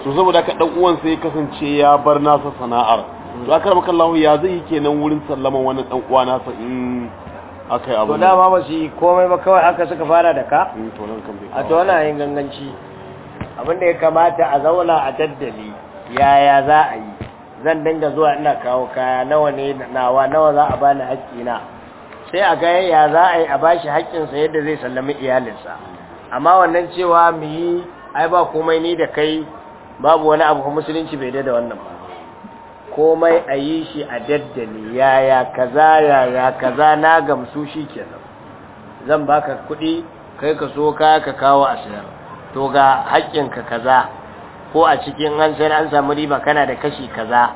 so mm. saboda ka ɗan uwan sai kasance ya bar nasa sana'ar to akar makallahu ya zai yi kenan wurin sallaman wannan ɗan uwa nasa in aka abu to dama ba su yi komai ba kawai aka suka fara da ka eh, a to wani yin ganganci abinda ya kamata a zauna a daddali yaya za a yi zan dinga zuwa ina kawo kaya nawa ne nawa nawa za a bani haƙƙina sai a ga ya za a yi a bashi haƙƙinsa yadda zai sallami iyalinsa amma wannan cewa mu yi ai ba komai ni da kai babu wani abu musulunci bai da wannan ba komai a yi shi a daddale yaya kaza yaya kaza na gamsu shi kenan zan baka kuɗi kai ka so kaya ka kawo a sayar to ga haƙƙinka kaza ko a cikin an sayar an samu riba kana da kashi kaza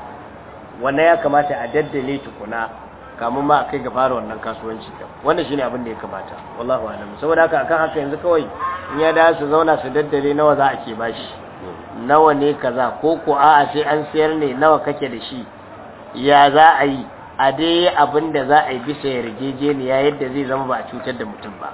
wannan ya kamata a daddale tukuna kamun ma kai ga fara wannan kasuwanci kan wannan shine abin da ya kamata wallahu alam saboda haka akan haka yanzu kawai in ya da zauna su daddale nawa za a ke bashi nawa ne kaza ko ko a'a sai an sayar ne nawa kake da shi ya za a yi a dai abin da za a yi bisa yarjejeniya yadda zai zama ba a cutar da mutum ba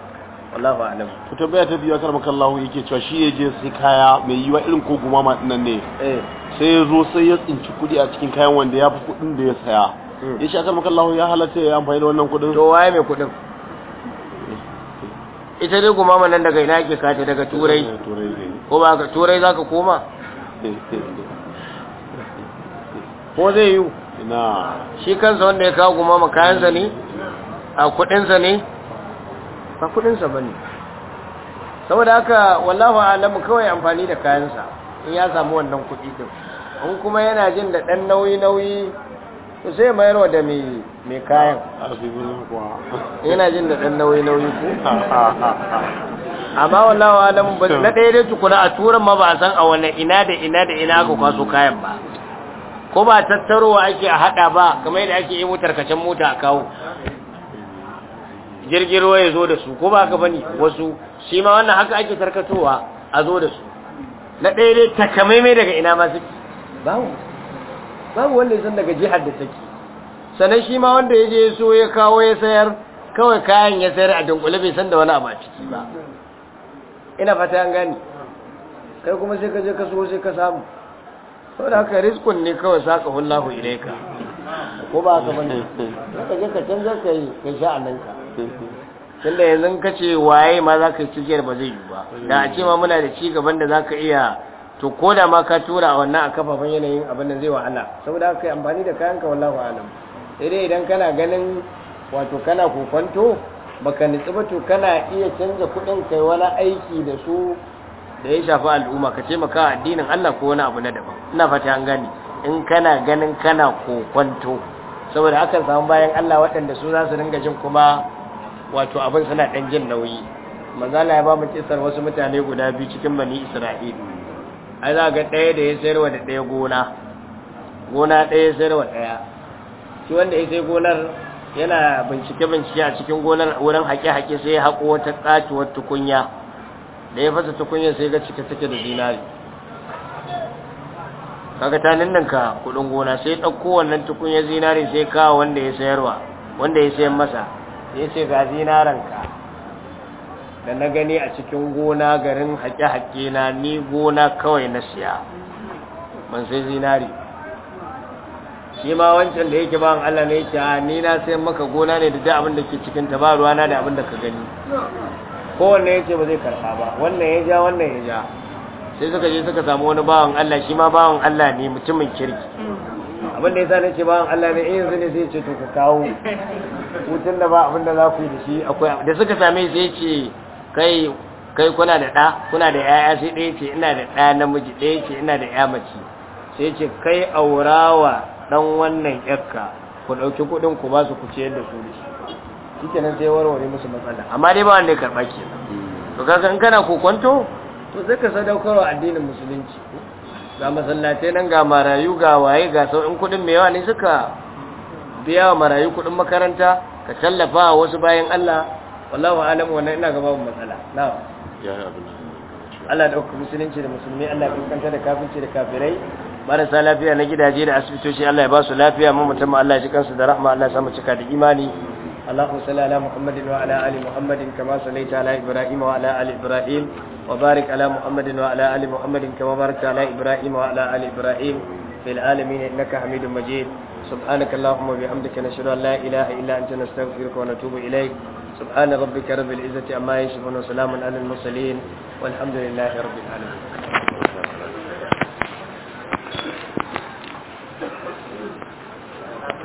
wallahu alam ku tabbata ta biyu karmaka Allah yake cewa shi ya je sai kaya mai yiwa irin ko gumama nan ne eh. sai ya zo sai ya tsinci kudi a cikin kayan wanda ya fi kudin da ya saya hmm. ya sha karmaka Allah ya halatta ya amfani da wannan kudin to waye mai kudin eh. ita dai gumama nan daga ina ke kace daga turai ko ba ka turai za ka koma ko zai yi shi kansa wanda ya kawo kuma makayansa ne a kudinsa ne ba kudinsa ba ne saboda haka wallahu alamu kawai amfani da kayansa in ya samu wannan kudi din in kuma yana jin da dan nauyi-nauyi to sai wa da mai kayan yana jin da dan nauyi-nauyi ko [laughs] amma wallahi alam na ɗaya dai tukuna a turan ma ba a san a wani ina da ina da ina aka kwaso kayan ba ko ba tattarowa ake a hada ba kamar yadda ake yi kacin mota a kawo jirgin ruwa ya zo da su ko ba ka bani wasu shi ma wannan haka ake tarkatowa a zo da su na ɗaya dai takamaimai daga ina ma suke babu babu wanda ya san daga jihar da take sannan shi ma wanda ya je so ya kawo ya sayar kawai kayan ya sayar a dunkule bai san da wani abu a ciki ba ina fata an gani kai kuma sai ka je ka so sai ka samu saboda haka riskun ne kawai saka hullahu ilaika ko ba ka bane ka je ka canza ka yi ka sha nan ka tunda yanzu ka ce waye ma za ka yi cikiyar ba zai yi ba da a ce ma muna da ci gaban da za ka iya to ko da ma ka tura a wannan a kafafen yanayin abin da zai wahala saboda haka kai amfani da kayanka wallahu alam sai dai idan kana ganin wato kana kokonto baka nitsi ba to kana iya canza kuɗin kai wani aiki da su da ya shafi al'umma ka ce maka addinin Allah ko wani abu na daban ina fata an gani in kana ganin kana kokwanto saboda akan samu bayan Allah waɗanda su za su ringa jin kuma wato abin suna ɗan jin nauyi manzala ya ba mu kisar wasu mutane guda biyu cikin bani Isra'il ai za ga ɗaya da ya sayarwa da ɗaya gona gona ɗaya ya sayarwa ɗaya shi wanda ya sai gonar yana bincike-bincike a cikin gonar wurin haƙe-haƙe sai ya haƙo wata ƙatuwar tukunya da ya fasa tukunya sai ga cike take da zinari kaga ta ka kuɗin gona sai ɗauko wannan tukunya zinari sai kawo wanda ya sayarwa wanda ya sayan masa ya ce ga zinaranka da na gani a cikin gona garin haƙe hake na ni gona kawai na siya ban sai zinari shi ma wancan da yake bawan Allah ne yake a ni na sayan maka gona ne da duk abin da ke cikin ta ba na da abin da ka gani kowanne yake ba zai karɓa ba wannan ya ja wannan ya ja sai suka je suka samu wani bawan Allah shi ma bawan Allah ne mutumin kirki abin da yasa nake bawan Allah ne in eh, yanzu ne sai ce to ku kawo hutun da ba abin da za ku yi da shi akwai da suka same shi sai ce kai kai kuna da ɗa kuna da ƴaƴa sai ɗaya ce ina da ɗa namiji ɗaya ce ina da ƴa mace sai ce kai aurawa dan wannan yarka ku dauki kudin ku ba su ku ciyar da su da shi sai warware musu matsala amma dai ba wanda ya karba ke to kaga in kana kokonto to sai ka sadaukarwa addinin musulunci ga masallatai nan ga marayu ga waye ga in kudin mai yawa ne suka biya wa marayu kudin makaranta ka tallafa wasu bayan Allah wallahu alam wannan ina ga babu matsala na'am ya Allah dauka musulunci da musulmi Allah ya kankanta da kafirci da kafirai marasa lafiya na gidaje da asibitoci Allah ya ba su lafiya mu mutum Allah ya ji kansu da rahma Allah ya samu cika da imani اللهم صل على محمد وعلى ال محمد كما صليت على ابراهيم وعلى ال ابراهيم وبارك على محمد وعلى ال محمد كما باركت على ابراهيم وعلى ال ابراهيم في العالمين انك حميد مجيد سبحانك اللهم وبحمدك نشهد ان لا اله الا انت نستغفرك ونتوب اليك سبحان ربك رب العزه عما يصفون وسلام على المرسلين والحمد لله رب العالمين